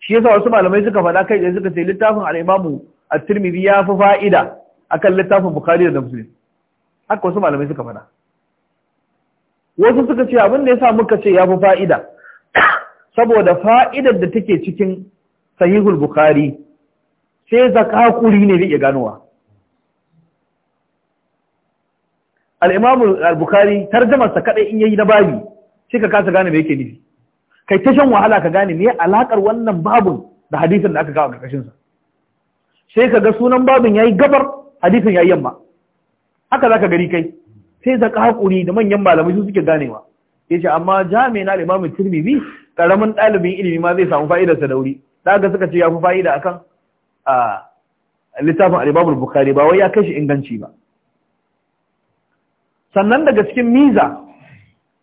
shi yasa wasu malamai suka faɗa kai da suka ce littafin al'imamu a at-Tirmidhi ya fi fa'ida akan littafin Bukhari da Muslim haka wasu malamai suka faɗa wasu suka ce abin da ya sa muka ce ya fi fa'ida saboda fa'idar da take cikin sahihul Bukhari sai zakakuri ne ganuwa. ganowa al-Imam al-Bukhari tarjumarsa kadai in yayi na babi shi ka kasa gane me yake nufi kai ta shan wahala ka gane me alakar wannan babun da hadisin da aka kawo karkashin sa sai ka ga sunan babin yayi gabar hadisin yayi yamma haka zaka gari kai sai da hakuri da manyan malamai su suke ganewa yace amma jami'in al-Imam Tirmidhi karamin dalibin ilimi ma zai samu fa'idar sa da wuri daga suka ce ya fi fa'ida akan a littafin al-Imam al-Bukhari ba wai ya kashi inganci ba sannan daga cikin miza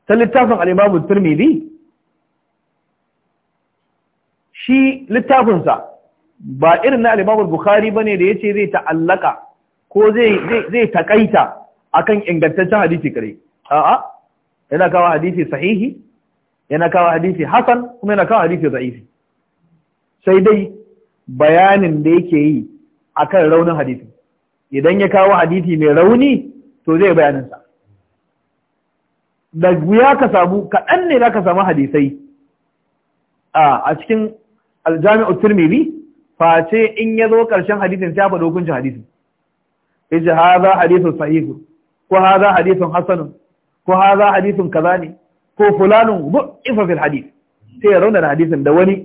ta littafin al-Imam Tirmidhi shi littafinsa ba irin na alimamul bukhari ba ne da yace zai ta'allaka ko zai taƙaita a akan ingantaccen hadithi kare a'a yana kawo hadithi sahihi yana kawo hadithi hasan kuma yana kawo hadithi za’ifi. sai dai bayanin da yake yi akan raunin hadithi, idan ya kawo hadithi mai rauni to zai bayaninsa. da wuya ka samu kaɗan ne za ka samu hadisai a cikin aljami'u tirmidhi face in ya zo karshen hadisin sai faɗo faɗi hukuncin hadisin yace hadha hadithun sahih ko hadha hadithun hasan ko hadha hadithun kaza ne ko fulanun du'ifa fil hadith sai ya rauna hadisin da wani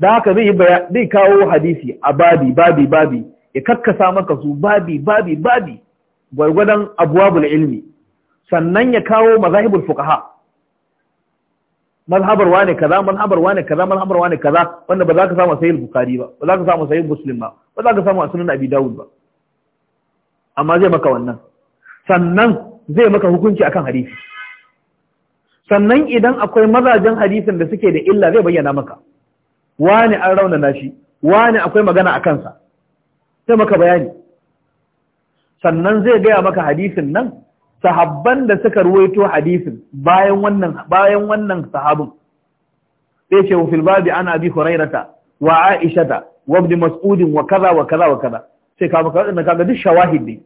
da haka zai zai kawo hadisi a babi babi babi ya kakkasa maka su babi babi babi gwargwadon abuwabul ilmi sannan ya kawo mazahibul fuqaha Malhabar wane kaza malhabar wane kaza malhabar wane kaza wanda ba za ka samu sahih bukhari ba ba za ka samu sahih muslim ba ba za ka samu sunan abi dawud ba amma zai maka wannan sannan zai maka hukunci akan hadisi sannan idan akwai mazajen hadisin da suke da illa zai bayyana maka wani an raunana shi wani akwai magana a kansa Zai maka bayani sannan zai gaya maka hadisin nan sahabban da suka ruwaito hadisin bayan wannan bayan wannan sahabin sai ce fil babi ana abi hurairata wa aishata wa ibn mas'ud wa kaza wa kaza wa kaza sai ka maka wannan kaga duk shawahid ne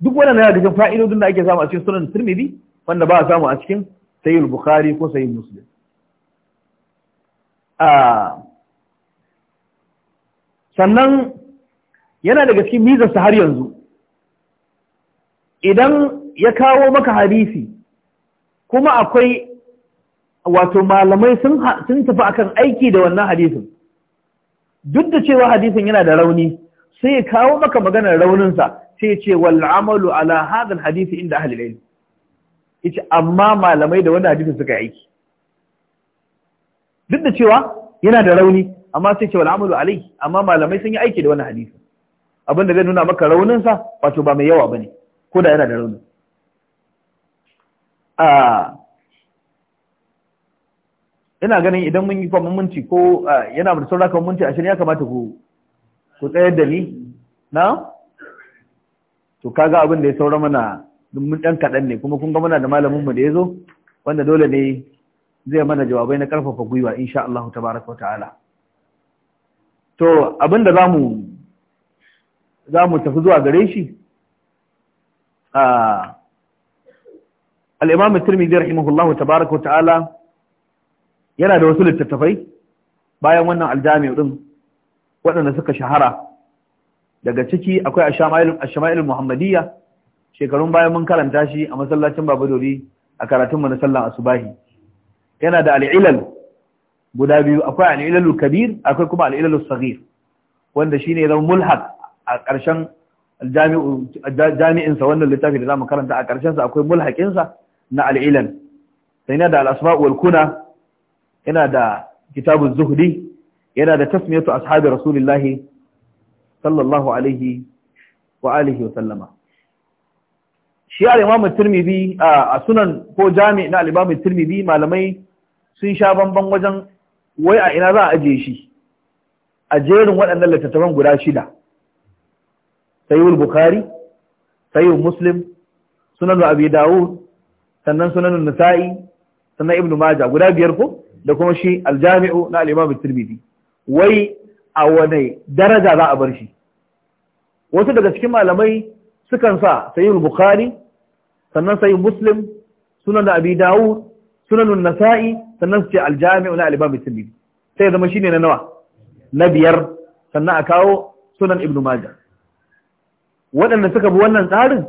duk wannan yana cikin fa'idodin da ake samu a cikin sunan Tirmidhi wanda ba a samu a cikin sahih Bukhari ko sahih Muslim ah sannan yana daga cikin sa har yanzu idan ya kawo maka hadisi kuma akwai wato malamai sun tafi akan aiki da wannan hadisin duk da cewa hadisin yana da rauni sai ya kawo maka maganar rauninsa sai ya ce wal amalu ala hadin hadisi inda ahli ilmi yace amma malamai da wannan hadisin suka aiki duk da cewa yana da rauni amma sai ce wal amalu alai amma malamai sun yi aiki da wannan hadisin abinda zai nuna maka rauninsa wato ba mai yawa bane ko da yana da rauni a ina ganin idan mun yi kwamman munci, ko yana da sauran kan a ashirin ya kamata ku tsayar da ni na to kaga abin da ya saura mana mun ɗan kaɗan ne kuma kun ga muna da malaminmu da ya zo wanda dole ne zai mana jawabai na karfafa gwiwa insha Allah tabaraka wa ta'ala to abin da za mu tafi zuwa gare shi Ah. al'imam turmidi rahimahullahu tabaraka wa ta'ala yana da wasu littattafai bayan wannan aljami'u din waɗanda suka shahara daga ciki akwai ashama'il muhammadiyya shekarun bayan mun karanta shi a masallacin babadori a karatunmu na sallan asubahi yana da al'ilal guda biyu akwai al'ilalul kabir akwai kuma al'ilalu saghir wanda shine zama mulhaq a ƙarshen jami'insa wannan littafi da za mu karanta a ƙarshensa akwai mulhaƙinsa na al'ilan sai na da al'asma'u wal kuna yana da kitabun zuhudi yana da tasmiyatu ashabi rasulillahi sallallahu alaihi wa alihi wa sallama shi al-imam at-tirmidhi a sunan ko jami na al-imam at-tirmidhi malamai sun sha bamban wajen wai a ina za a ajiye shi a jerin waɗannan littattafan guda shida sayyul bukhari sayyul muslim sunan abi dawud sannan sunan nisa'i, sannan ibnu majah guda biyar ko da kuma shi aljami'u na al-imam at-tirmidhi wai a wane daraja za a bar shi wasu daga cikin malamai sukan sa sayyul bukhari sannan sayyul muslim sunan abi dawud sunan nasa'i sannan su ce aljami'u na al-imam at-tirmidhi sai zama shine na nawa na biyar sannan a kawo sunan ibnu majah waɗanda suka bi wannan tsarin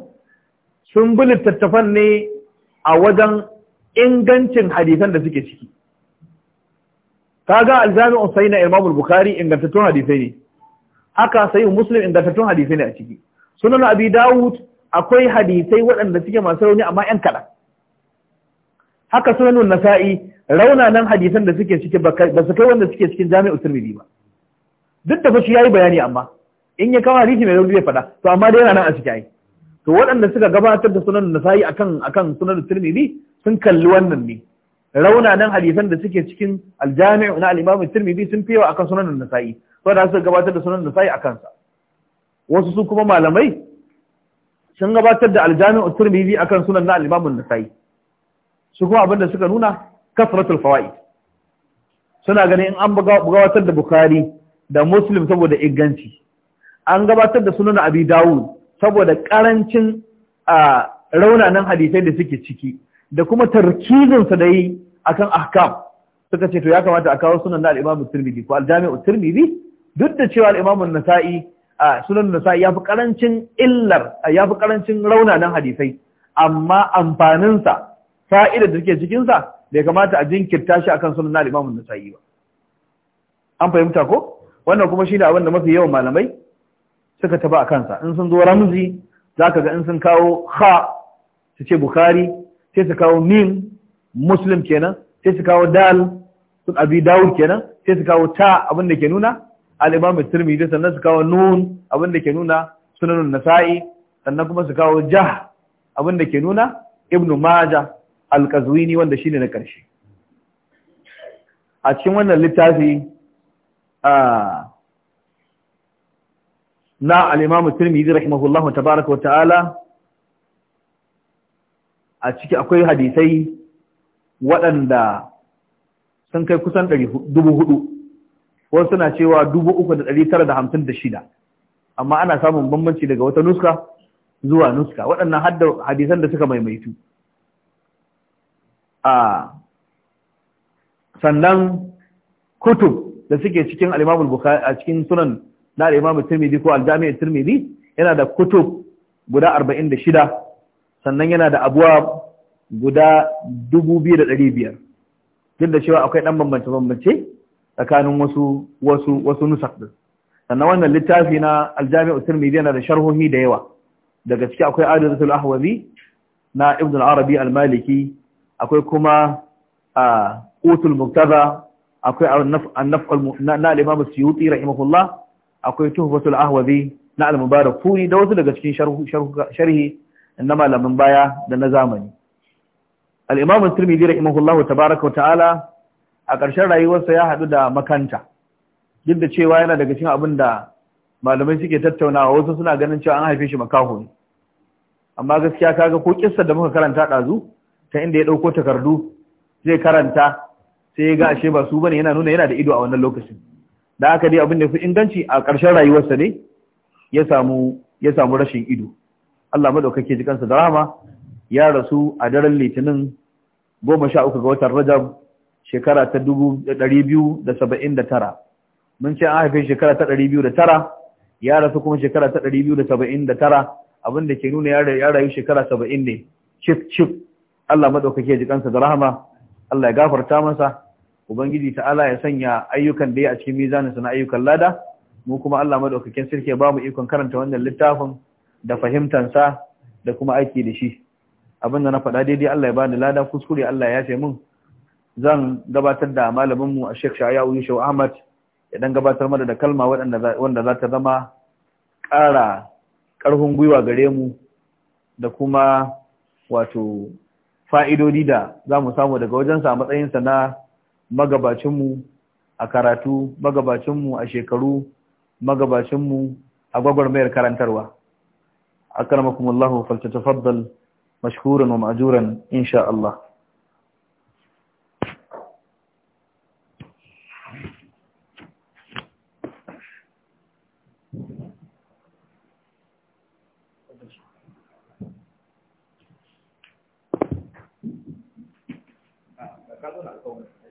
sun bi littattafan ne a wajen ingancin hadisan da suke ciki ga aljami'u sai na imamul bukhari ingantattun hadisai ne haka sai muslim ingantattun hadisai ne a ciki sunan abi dawud akwai hadisai waɗanda suke masu rauni amma yan kaɗan haka sunan nasa'i raunanan hadisan da suke ciki ba su kai wanda suke cikin jami'u tirmidhi ba duk da fashi yi bayani amma in ya kawo hadisi mai rauni zai faɗa to amma dai yana nan a ciki ai to waɗanda suka gabatar da sunan sai akan akan sunan tirmidhi sun kalli wannan ne raunanan hadisan da suke cikin aljami'u na al-imam tirmidhi sun fiye akan sunan nasa'i da suka gabatar da sunan nasa'i akan sa wasu su kuma malamai sun gabatar da aljami'u tirmidhi akan sunan na al-imam nasa'i su kuma abinda suka nuna kasratul fawaid suna ganin in an gabatar da bukhari da muslim saboda inganci an gabatar da sunan abi dawud saboda karancin raunanan hadisai da suke ciki da kuma tarkizin sa da yi akan ahkam suka ce to ya kamata a kawo sunan na al-imam tirmidhi ko al-jami'u tirmidhi duk da cewa al-imam an-nasa'i sunan an-nasa'i yafi karancin illar yafi karancin raunanan hadisai amma amfaninsa sa da suke cikinsa, sa bai kamata a jinkirta shi akan sunan na al-imam nasai ba an fahimta ko wannan kuma shi ne abin da mafi yawan malamai suka taba a kansa in sun zo ramzi ka ga in sun kawo ha su ce bukhari sai su kawo Min muslim kenan sai su kawo dal su abi dawud kenan sai su kawo ta abin da ke nuna al-imam at-tirmidhi sannan su kawo nun abin da ke nuna sunanun nasa'i sannan kuma su kawo jah abin da ke nuna ibnu majah al-qazwini wanda shine na karshe a cikin wannan littafi a na al-Imam Tirmidhi rahimahullahu tabaraka wa ta'ala a ciki akwai hadisai waɗanda sun kai kusan 400 wasu suna cewa 3956 amma ana samun bambanci daga wata nuska zuwa nuska waɗannan hadisan da suka maimaitu a sannan kutub da suke cikin al-Imam al-Bukhari a cikin sunan na da imamu ko aljami'in turmidi yana da kutub guda shida sannan yana da abuwa guda 2500 duk da cewa akwai ɗan bambance bambance tsakanin wasu wasu wasu sannan wannan littafi na aljami'u turmidi yana da sharhohi da yawa daga ciki akwai adadatul ahwazi na ibn arabi Almaliki, maliki akwai kuma a utul muktaza akwai an-naf'al na al-imam as-suyuti rahimahullah akwai tuhfatul ahwazi na al-mubarak furi da wasu daga cikin sharhi na malamin baya da na zamani al-imam at-tirmidhi rahimahullahu tabaaraka wa ta'ala a ƙarshen rayuwarsa ya haɗu da makanta duk da cewa yana daga cikin abin da malamai suke tattaunawa wasu suna ganin cewa an haife shi makaho ne amma gaskiya kaga ko kissa da muka karanta ɗazu ta inda ya ɗauko takardu zai karanta sai ya ga ashe ba su bane yana nuna yana da ido a wannan lokacin da aka dai abin da fi inganci a ƙarshen rayuwarsa ne ya samu ya samu rashin ido Allah madaukake ji kansa da rahama ya rasu a daren litinin goma sha uku ga watan rajab shekara ta dubu ɗari biyu da saba'in da tara mun ce an haife shekara ta ɗari biyu da tara ya rasu kuma shekara ta ɗari biyu da saba'in da tara abin da ke nuna ya rayu shekara saba'in ne chip chip Allah madaukake ji kansa da rahama Allah ya gafarta masa ubangiji ta ta'ala ya sanya ayyukan da ya a cikin mizaninsa na ayyukan lada mu kuma Allah maɗaukakin sarki ba mu ikon karanta wannan littafin da fahimtansa da kuma aiki da shi abin da na faɗa daidai Allah ya bani lada kuskure Allah ya ce mun zan gabatar da malamin mu a Sheikh Shayawu Yusuf Ahmad ya dan gabatar mana da kalma wanda za ta zama ƙara ƙarfin gwiwa gare mu da kuma wato fa'idodi da za mu samu daga wajensa a matsayinsa na magabacinmu a karatu magabacinmu a shekaru magabacinmu a gwagwarmayar karantarwa akramakumullahu faltatafaddal mashkuran wa ma'juran insha Allah Gracias. Ah,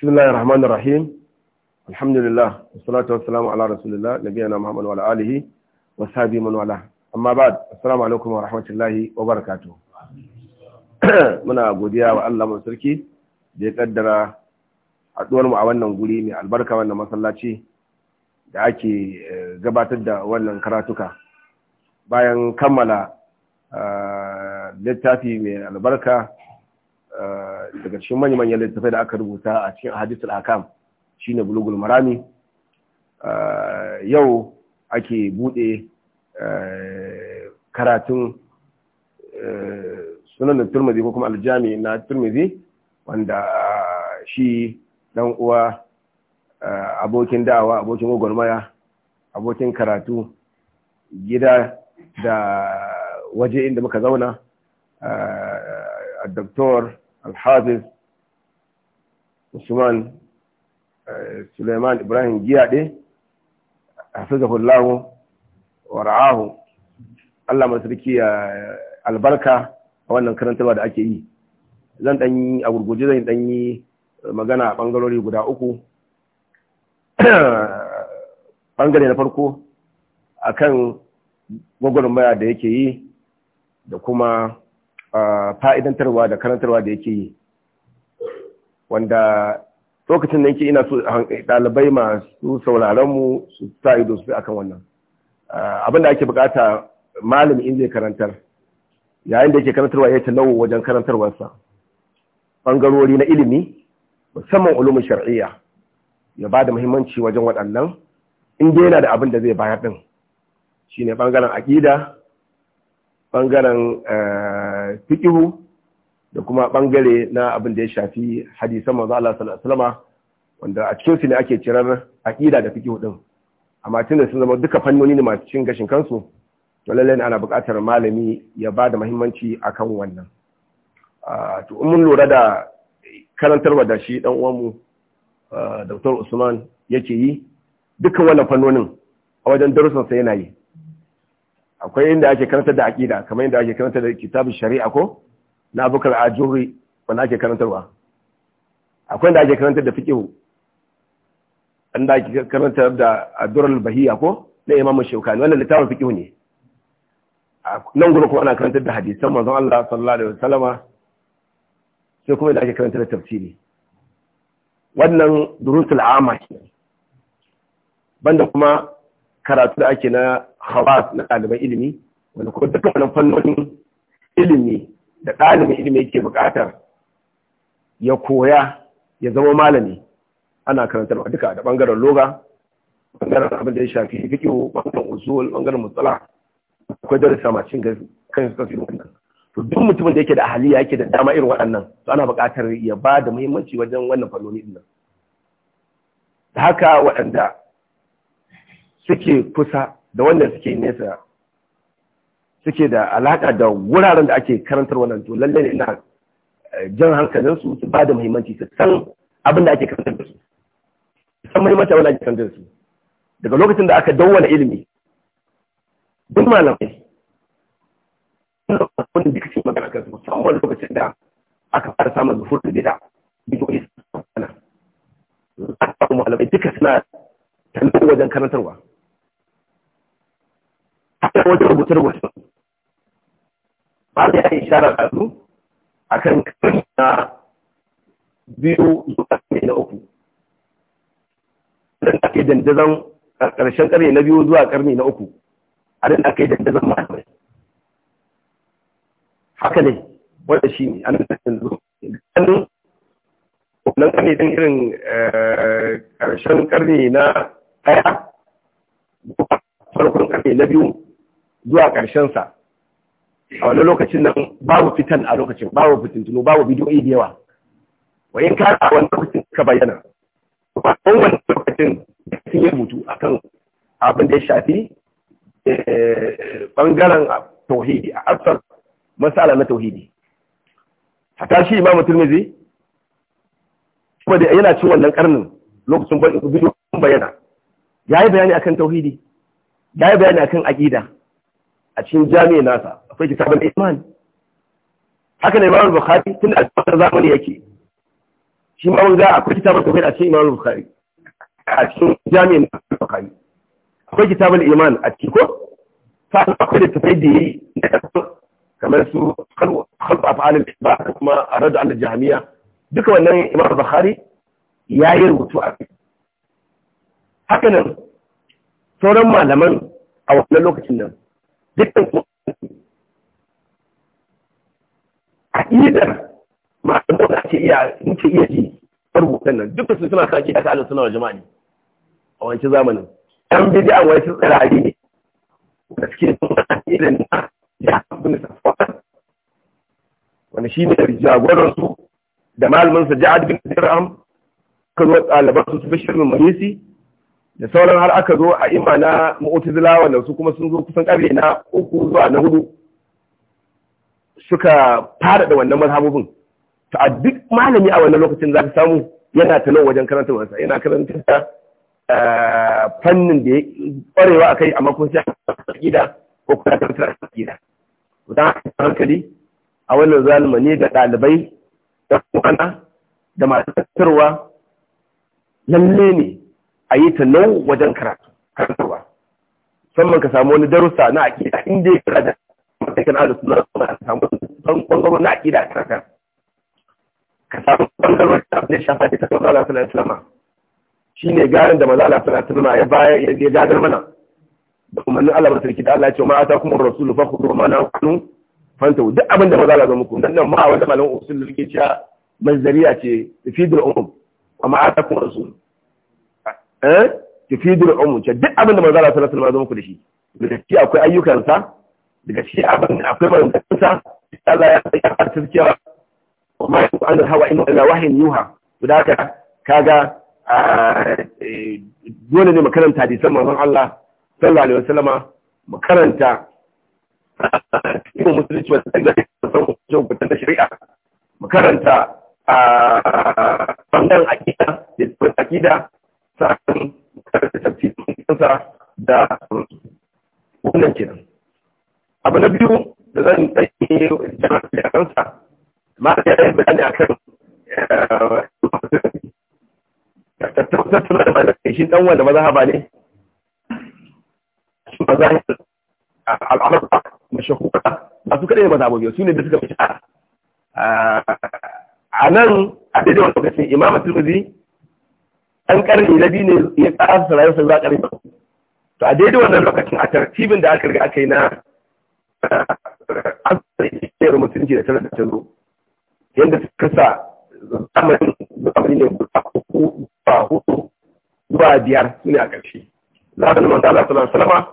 bismillahir rahmanir rahim alhamdulillah wassalatu wassalamu ala rasulillah nabiyana muhammad wa ala alaikum wa rahmatullahi muna godiya wa Allah mu sarki da ya kaddara haduwar mu a wannan guri mai albarka wannan masallaci da ake eh, gabatar da wannan karatuka bayan kammala eh, littafi mai albarka daga cikin manyan manyan littafai da aka rubuta a cikin al hakam shine bulugul marami eh, yau ake bude eh, karatun eh, sunan turmizi ko kuma aljami na turmizi wanda shi dan uwa abokin da'awa abokin gwagwarmaya abokin karatu gida da waje inda muka zauna a doktor alhafiz usman eh, suleiman ibrahim giyaɗe hafizahullahu wa ra'ahu allah masarki albarka a wannan karantarwa da ake yi zan yi a gurguje zan yi magana a bangarori guda uku Bangare na farko akan gwagwarmaya da yake yi da kuma fa'idantarwa da karantarwa da yake yi wanda lokacin da yake ina so ɗalibai masu sauraronmu su sa ido su akan wannan abinda ake bukata malami in zai karantar yayin da yake karantarwa ya talawo wajen karantarwarsa ɓangarori na ilimi musamman ulumin shari'a ya ba da muhimmanci wajen waɗannan in yana da abin da zai bayar ɗin shine ɓangaren aƙida bangaren eh, fiƙihu da kuma ɓangare na abin da ya shafi hadisan manzo Allah sallallahu alaihi wasallam wanda a cikin su ne ake cirar aqida da fikihu din amma tunda sun zama duka fannoni ne masu cin gashin kansu to lalle ana buƙatar malami ya ba da muhimmanci akan wannan ah, to in mun lura da karantarwa da shi dan uwanmu ah, Dr. Usman yake yi dukkan wannan fannonin a wajen darussansa yana yi akwai inda ake karantar da aqida kamar inda ake karantar da kitabun shari'a ko na bukar ajuri wanda ake karantarwa akwai inda ake karantar da fiqh inda ake karantar da adrul bahiya ko na imam shaukani wannan littafin fiqh ne nan gurin kuma ana karantar da hadisan manzon Allah sallallahu alaihi wasallama sai kuma inda ake karantar da tafsiri wannan durusul amma banda kuma karatu da ake na hawas na ɗaliban ilimi wanda ko duka wani fannonin ilimi da ɗalibin ilimi yake buƙatar ya koya ya zama malami ana karantarwa duka da ɓangaren loga ɓangaren abin da ya shafi fiƙiwo ɓangaren usul ɓangaren mutsala akwai darussa macin kan su wannan to duk mutumin da yake da ahaliya yake da dama irin waɗannan to ana buƙatar ya ba da muhimmanci wajen wannan fannoni ɗin da haka waɗanda suke kusa da wanda suke nesa suke da alaka da wuraren da ake karantar wannan to lallai ne ina eh, jan hankalin su su ba da muhimmanci su san abin da ake karantar da su san muhimmanci abin da ake karantar da su daga lokacin da aka dawwana ilimi duk malamai wanda da cikin magana kan su musamman lokacin da aka fara samun zuhur da bida bidiyoyi sana aka samu malamai duka suna tantar wajen karantarwa ta wata rubuta rubuta ba da yi ishara da su a kan na biyu zuwa ƙarni na uku don ake dandazon ƙarshen ƙarni na biyu zuwa ƙarni na uku a don ake dandazon malamai haka ne wanda shi ne an dandazon ganin wannan ƙarni don irin eh, ƙarshen ƙarni na ɗaya farkon ƙarni na biyu zuwa ƙarshensa a wani lokacin nan babu fitan a lokacin babu fitintunu babu bidiyoyi da yawa wa ka kara wani lokacin ka bayyana ba a wani lokacin sun yi rubutu a kan abin da ya shafi eh, ɓangaren tauhidi a asar masala na tauhidi A shi imamu turmizi kuma da yana cin wannan karnin lokacin bidiyoyin bayyana ya yi bayani akan tauhidi ya yi bayani akan aƙida a cikin jami'in nasa akwai kitabun iman haka ne imam bukhari tun a zamani yake shi ma mun ga akwai kitabun tauhid a cikin imam bukhari a cikin jami'in bukhari akwai kitabun iman a cikin ko sai akwai littafai da yi kamar su khalq af'al al-ihba kuma arad al jami'a duka wannan imam bukhari ya yi rubutu a kai haka nan sauran malaman a wannan lokacin nan dukkan su aƙidar masu da ake iya muke iya ji rubutan nan dukkan su suna sake aka ala suna wa jama'a ne a wancan zamanin ɗan bidiya a su tsirari ne da suke suna irin na ya abin da Wani shi ne jagoran su da malamin sa ja'ad bin dirham kan wa ɗaliban su bashir bin marisi da sauran har aka zo a ima na mu'tazilawa wanda su kuma sun zo kusan ƙarfe na uku zuwa na hudu suka fara da wannan mazhabobin to a duk malami a wannan lokacin za ka samu yana ta nan wajen karanta wasa yana karanta eh, fannin da ya ƙwarewa a kai amma kun sha gida ko kuma karanta gida to dan hankali a wannan zalmani, da ɗalibai da kuma da masu tattarwa lalle ne a yi ta nau wajen karatu karantarwa musamman ka samu wani darussa na aƙida in dai kana da matakan ala suna suna ka samu ɓangaro na aƙida karanta ka samu ɓangaro da abin da shafa ta kan ala suna islama shi ne garin da maza ala suna islama ya bayar ya gadar mana da umarnin ala sarki da Allah ya ce ma ta kuma rasulu fa kudu ma na hannu fanta duk abin da maza ala zama kuma nan ma wanda malamin usul ke cewa manzariya ce fi dil umum amma ta kuma rasulu eh tufidul umum ce duk abin da manzo Allah sallallahu alaihi wasallam ya zo muku da shi daga shi akwai ayyukansa daga shi abin da akwai manzansa Allah ya a farta kuma amma ku an hawa in ila wahin yuha da haka kaga dole ne makaranta hadisan manzon Allah sallallahu alaihi wasallam makaranta ilimin musulunci wata da san hukuncin da shari'a makaranta a bangaren akida da akida sa'an karka tafsirinsa da wannan kenan abu na biyu da zan ɗanyi jama'a da kansa ma ta yi bayani a kan tattauna da malamai shi ɗan wanda maza haba ne shi maza ne al'amurka mashahura masu kaɗai maza abubuwa su ne da suka fi shahara a nan a daidai wani lokacin imam turmuzi ɗan ƙarni na biyu ne ya tsara su rayuwarsa za ƙarni to a daidai wannan lokacin a tartibin da aka riga aka yi na asirar mutunci da tarar da ta yadda su kasa zamanin zamani ne guda uku ba hudu zuwa biyar su ne a ƙarshe zamanin manzo Allah sallallahu alaihi wasallam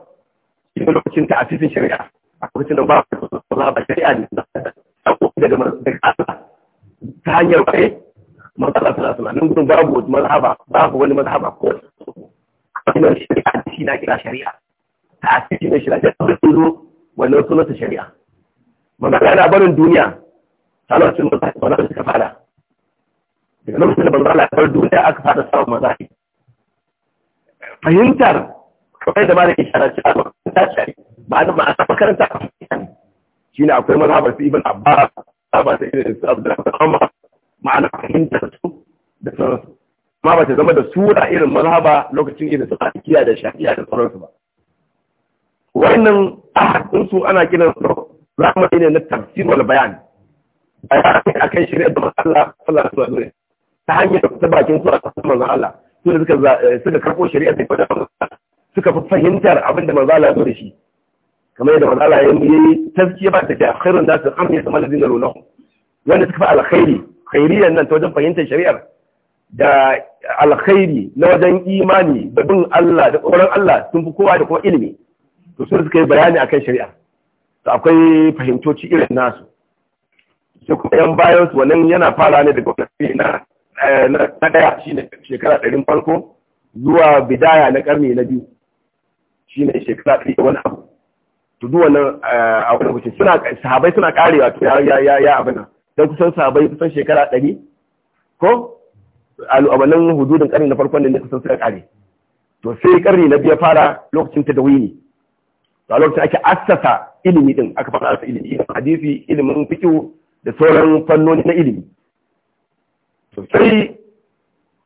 shi ne lokacin ta asisin shari'a a lokacin da ba ba shari'a ne daga daga Allah ta hanyar kai Allah sallallahu alaihi wasallam gudun babu mazhaba babu wani mazhaba ko ina shari'a shi na kira shari'a ta asiri na shari'a ta tsoro wannan sunan shari'a magana na barin duniya sallallahu alaihi wasallam wannan suka fara daga lokacin da manzo Allah ya bar duniya aka fara samun mazhabi fahimtar kamar da malaka shara ce ta shari ba da ma a makaranta shine akwai mazhabar su ibn abbas abbas ibn abdullah ma'ana fahimtar su da sauransu ma ba ta zama da sura irin mazhaba lokacin irin su malikiya da shafiya da sauransu ba wannan ahadin su ana kiran su zamani ne na tafsir wal bayan bayani akan shari'ar da Allah sallallahu alaihi wasallam ta hanyar ta bakin su a manzo Allah su da suka suka karbo shari'ar da fada suka fi fahimtar abin da manzo Allah ya da shi kamar yadda manzo Allah ya yi tazkiya ba ta da khairun da su amma ya zama ladina rulahu wanda suka fi alkhairi khairiyar nan ta wajen fahimtar shari'ar da alkhairi na wajen imani da bin Allah da tsoron Allah sun fi kowa da kuma ilimi to sun suka yi bayani akan shari'a to akwai fahimtoci irin nasu sai kuma yan bayan su wannan yana fara ne daga wani eh, na na daya shine shekara ɗarin farko zuwa bidaya na karni na biyu shine shekara ɗari wani abu to duk wannan a wani mutum suna sahabai suna karewa to ya ya ya abin nan da kusan sabai kusan shekara ɗari ko al'amalin hududin ƙarni na farkon da kusan suka ƙare to sai ƙarni na biya fara lokacin ta da To a lokacin ake assasa ilimi din aka fara assasa ilimi ilimin hadisi ilimin fiqh da sauran fannoni na ilimi to sai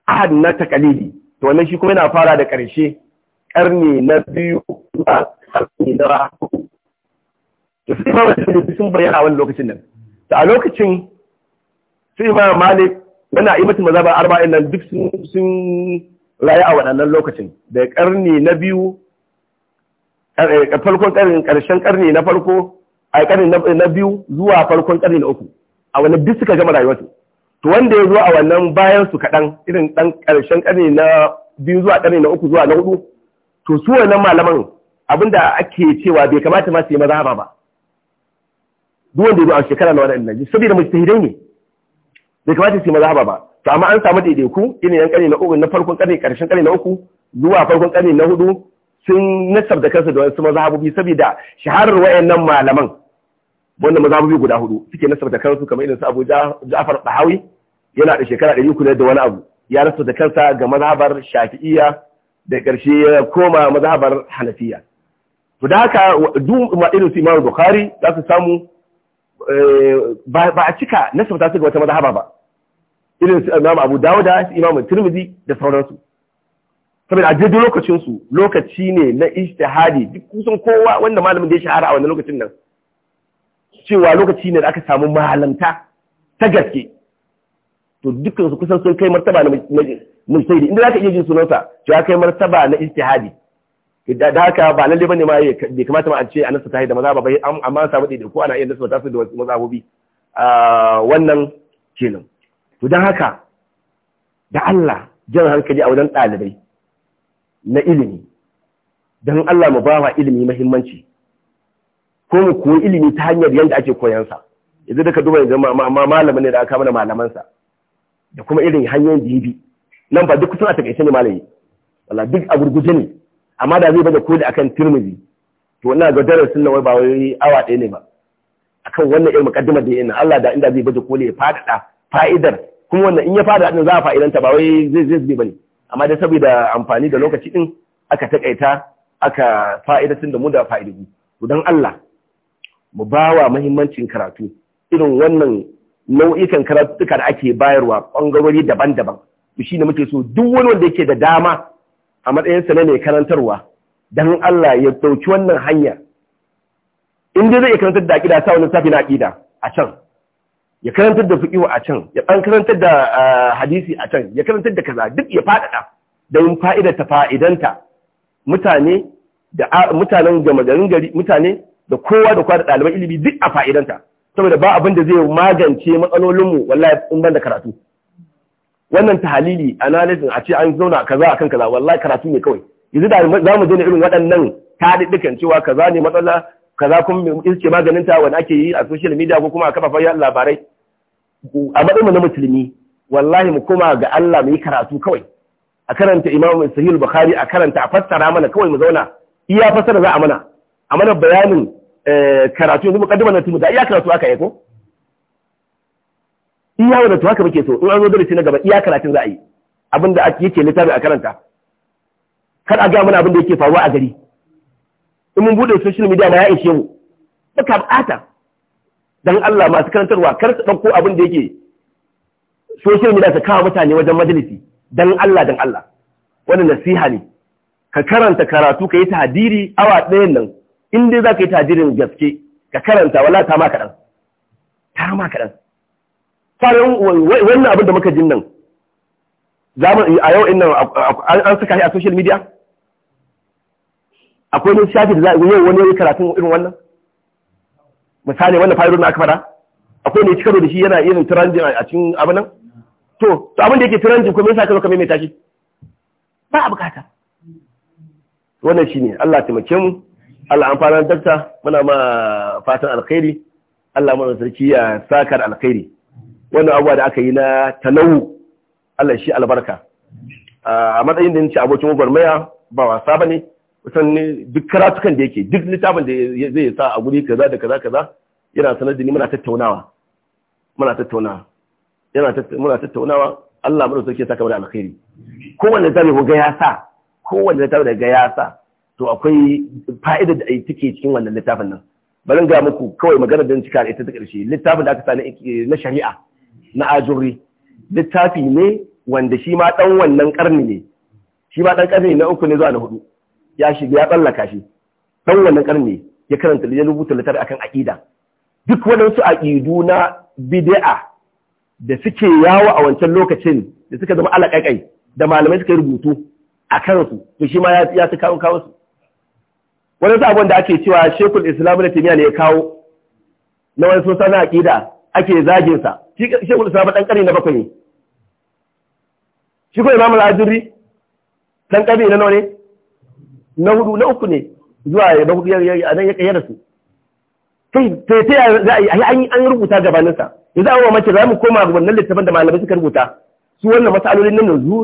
ahad na ƙalili, to wannan shi kuma yana fara da ƙarshe ƙarni na biyu na ƙarni na to sai ba sun bayyana a wani lokacin nan da a lokacin su imam malik yana yi mutum mazaba arba'in nan duk sun rayu a waɗannan lokacin da ƙarni na biyu farkon ƙarni ƙarshen ƙarni na farko a ƙarni na biyu zuwa farkon ƙarni na uku a wani duk suka gama rayuwarsu to wanda ya zo a wannan bayan su kaɗan irin ɗan ƙarshen ƙarni na biyu zuwa ƙarni na uku zuwa na hudu to su wannan malaman abinda ake cewa bai kamata ma su yi mazhaba ba duk wanda ya zo a shekara na waɗannan ji saboda mujtahidai ne bai kamata su yi mazhaba ba to amma an samu daidaiku irin yan karni na uku na farkon karni ƙarshen karni na uku zuwa farkon karni na hudu sun nasar da kansu da wasu mazhabobi saboda shaharar wayannan malaman wanda mazhabobi guda hudu suke nasar da kansu kamar irin su Abu Ja'far Bahawi, yana da shekara 300 da wani abu ya nasar da kansa ga mazhabar Shafi'iyya da ƙarshe ya koma mazhabar Hanafiyya to da haka duk irin su Imam Bukhari za su samu ba a cika nasabta su ga wata mazhaba ba irin su Imam Abu Dawuda su Imam Tirmidhi da sauransu saboda a jirgin lokacin su lokaci ne na ishtihadi duk kusan kowa wanda malamin da ya shahara a wannan lokacin nan cewa lokaci ne da aka samu mahalamta ta gaske to dukkan su kusan sun kai martaba na mujtahidi inda ka iya jin sunansa cewa kai martaba na ishtihadi da haka ba lalle bane ma bai kamata ma a ce a ta tahi da maza ba bai amma samu daidai, ko ana iya nasa tasu da wasu a ah, wannan kenan to dan haka da Allah jan hankali a wajen ɗalibai na ilimi dan Allah mu bawa ilimi muhimmanci ko mu koyi ilimi ta hanyar yadda ake koyan sa yanzu da ka duba yanzu malamin ne da aka mana malaman sa da kuma irin hanyoyin da yi bi nan ba duk kusan a takaice ne malami wala duk a gurguje ne amma da zai bada koli akan tirmizi to ina ga darasin nan wai ba wai awa ɗaya ne ba akan wannan irin mukaddimar da yana Allah da inda zai bada koli ya fadada fa'idar kuma wannan in ya fada din za a fa'idanta ba wai zai zai zai bane amma dai saboda amfani da lokaci din aka takaita aka fa'idatin da mu da fa'idu to dan Allah mu bawa muhimmancin karatu irin wannan nau'ikan karatu da ake bayarwa bangarori daban-daban shi ne muke so duk wani wanda yake da dama a matsayinsa na mai karantarwa don Allah ya dauki wannan hanyar in dai zai karantar da aƙida ta wani safi na aƙida a can ya karantar da fiƙiwa a can ya ɗan karantar da ah, hadisi a can ya karantar da kaza duk ya faɗaɗa don fa'idar ta fa'idanta mutane da mutanen gama garin gari mutane da kowa da kowa da ɗaliban ilimi duk a fa'idanta saboda ba abin da zai magance matsalolinmu wallahi in ban da karatu wannan tahalili analysis a ce an zauna kaza akan kaza wallahi karatu ne kawai yanzu da za mu daina irin waɗannan tadiddikan cewa kaza ne matsala kaza kun iske maganin ta wani ake yi a social media ko kuma a kafafen labarai a matsayin mu na musulmi wallahi mu koma ga Allah mu yi karatu kawai a karanta Imam Sahih Bukhari a karanta a fassara mana kawai mu zauna iya fassara za a mana a mana bayanin eh, karatu yanzu mu mukaddimar na tumu da iya karatu aka yi ko iya wanda to haka muke so in an zo darasi na gaba iya karatun za a yi abin da yake littafi a karanta kar a gaya mana abin da yake faruwa a gari in mun bude social media na ya ishe mu baka bukata dan Allah masu karantarwa kar su dauko abin da yake social media su kawo mutane wajen majalisi dan Allah dan Allah wannan nasiha ne ka karanta karatu ka yi tahadiri awa ɗayan nan in dai za ka yi tahadirin gaske ka karanta wala ta ma kaɗan ta ma kaɗan farin wannan abin da muka jin nan a yau inna an suka shi a social media akwai wani shafi da za a yau wani karatun irin wannan misali wannan fayar na aka fara akwai ne cikaro da shi yana irin trending a cikin abin nan to to abin da yake trending kuma yasa ka zo ka maimaita shi ba a bukata wannan shine Allah taimake mu Allah amfanar dakta muna ma fatan alkhairi Allah mana sarki ya sakar alkhairi wannan abuwa da aka yi na talawu Allah shi albarka a matsayin da ni ci abokin gwarmaya ba wasa ba ne kusan duk karatukan da yake duk littafin da zai sa a guri kaza da kaza kaza yana sanar da ni muna tattaunawa muna tattaunawa yana muna tattaunawa Allah mu sauke saka mana alkhairi kowanne zabi mu ga ya sa kowanne zabi ga ya sa to akwai fa'idar da take cikin wannan littafin nan bari ga muku kawai maganar da cika ita ta karshe littafin da aka sa na shari'a na ajuri littafi ne wanda shi ma ɗan wannan ƙarni ne shi ma ɗan ƙarni na uku ne zuwa na hudu ya shiga ya tsallaka shi ɗan wannan ƙarni ya karanta ya rubuta littafi akan aƙida duk waɗansu aƙidu na bid'a da suke yawo a wancan lokacin da suka zama alaƙaƙai da malamai suka rubutu a kansu to shi ma ya ta kawo kawo su waɗansu sabon da ake cewa shekul islam na ne ya kawo na wani sun sana aƙida ake zagin sa shi shekul islam dan kare na bakwai ne shi ko imam al dan kare na nawa ne na hudu na uku ne zuwa ya ba hudu ya nan ya kayyar su kai ta te za a yi an rubuta gabanin sa yanzu an wa mace za mu koma ga wannan littafin da malamai suka rubuta su wannan masalolin nan zu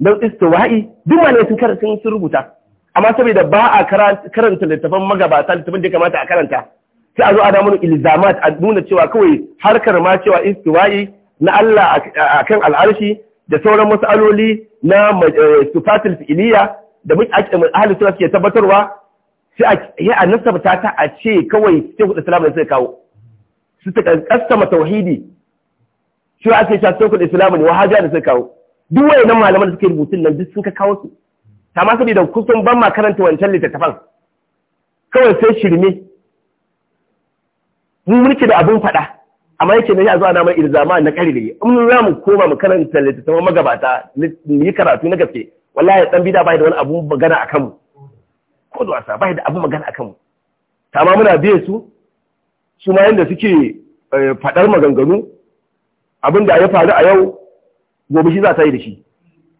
dan istiwa'i duk malamai sun sun rubuta amma saboda ba a karanta littafin magabata littafin da kamata a karanta sai a zo ana mana ilzamat a nuna cewa kawai harkar ma cewa istiwa'i na Allah kan al'arshi da sauran matsaloli na eh, sifatul fi'iliya da eh, ahli sunna suke tabbatarwa sai a yi a nasabta ta a ce kawai sai kuɗa islam da sai kawo su ta kaskama tauhidi shi ake cewa sai kuɗa islam ne wahaja da sai kawo duk wayannan malaman da suke rubutun nan duk sun ka kawo su Ta ma saboda kusan ban ma karanta wancan littattafan kawai sai shirme mu mulki da abin faɗa amma yake ne a zuwa na mai ilzama na kare da mun za mu koma mu karanta littattafan magabata mu yi karatu na gaske wallahi dan bida bai da wani abun magana akan mu ko da wasa bai da abun magana akan mu ma muna biye su su ma yanda suke eh, faɗar maganganu abin da ya faru a yau gobe shi za ta yi da shi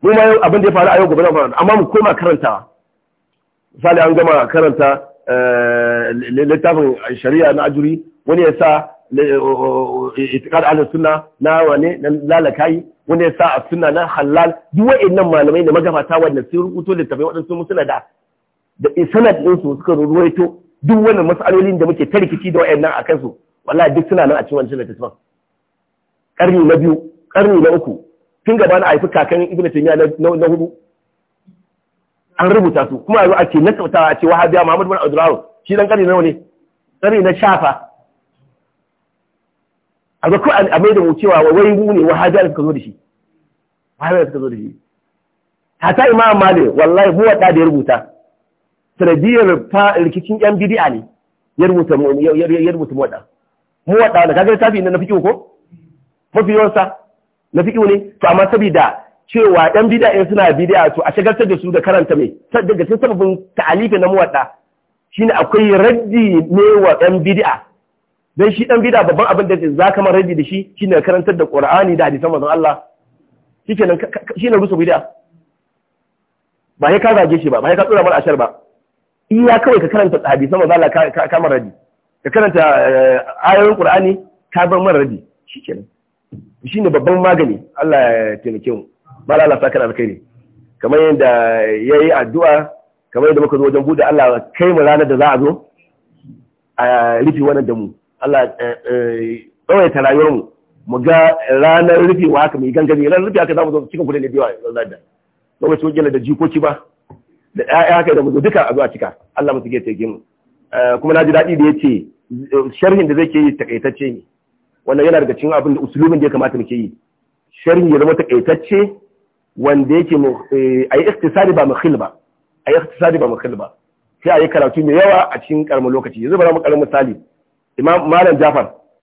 mu ma yau abin da ya faru a yau gobe za faru amma mu koma karantawa misali an gama karanta eh, littafin shari'a na ajuri wani ya sa eh, eh, eh, itikad ala suna na wane na lalakayi wani ya sa a suna na halal duk wa'annan malamai da magabata wadda sun rubuto littafai waɗansu mu suna da da sanad din su suka ruwaito duk wannan mas'alolin da muke tarikici da wa'annan a kansu wallahi duk suna nan a cikin wancan littafin karni na biyu karni na uku tun gaba na haifi kakan ibnu taymiya na hudu an rubuta su kuma yanzu ake nasabtawa a ce wahabiya muhammad bin abdullah shi dan karni na ne karni na shafa a ga kawai a maida mu cewa wai mu ne da suka zo da shi da suka zo da shi hata imam malik wallahi mu wadda da ya rubuta sanadiyar ta rikicin yan bid'a ne ya rubuta mu ya rubuta mu wadda mu wadda da kaga tafi na fiqh ko mafi yawansa na fiqh ne to amma saboda cewa yan bid'a in suna bid'a to a shagaltar da su da karanta mai daga cikin sababin ta'alifi na mu wadda shine akwai raddi ne wa yan bid'a dan shi dan bid'a babban abin da za ka maraji da shi shine karantar da Qur'ani da hadisan manzon Allah shikenan shine rusu bid'a ba sai ka zage shi ba ba sai ka tsura mar ashar ba iya kawai ka karanta hadisan manzon Allah ka maraji ka karanta eh, ayoyin Qur'ani ka bar maraji shikenan shine babban magani Allah ya taimake mu mala Allah saka alkhairi kamar yadda yayi addu'a kamar yadda muka zo wajen bude Allah kai mu ranar da za a zo a rufe wannan da mu Allah eh, eh, tsawai ta rayuwar mu mu ga ranar rufewa haka mai gangami ranar rufe haka za mu zo cikin kudin da biyawa ranar da sun wajen da jikoki ba da ƴaƴa haka da mu zo duka a zuwa cika Allah mu suke tege mu eh, kuma na ji daɗi da ya ce sharhin da zai ke yi takaitacce ne wannan yana daga cikin abin da usulubin da ya kamata muke yi sharhin ya zama takaitacce wanda yake a yi iktisari ba mukhil ba a yi iktisari ba mukhil ba sai a yi karatu mai yawa a cikin karamin lokaci yanzu bara mu karamin misali imam malam jafar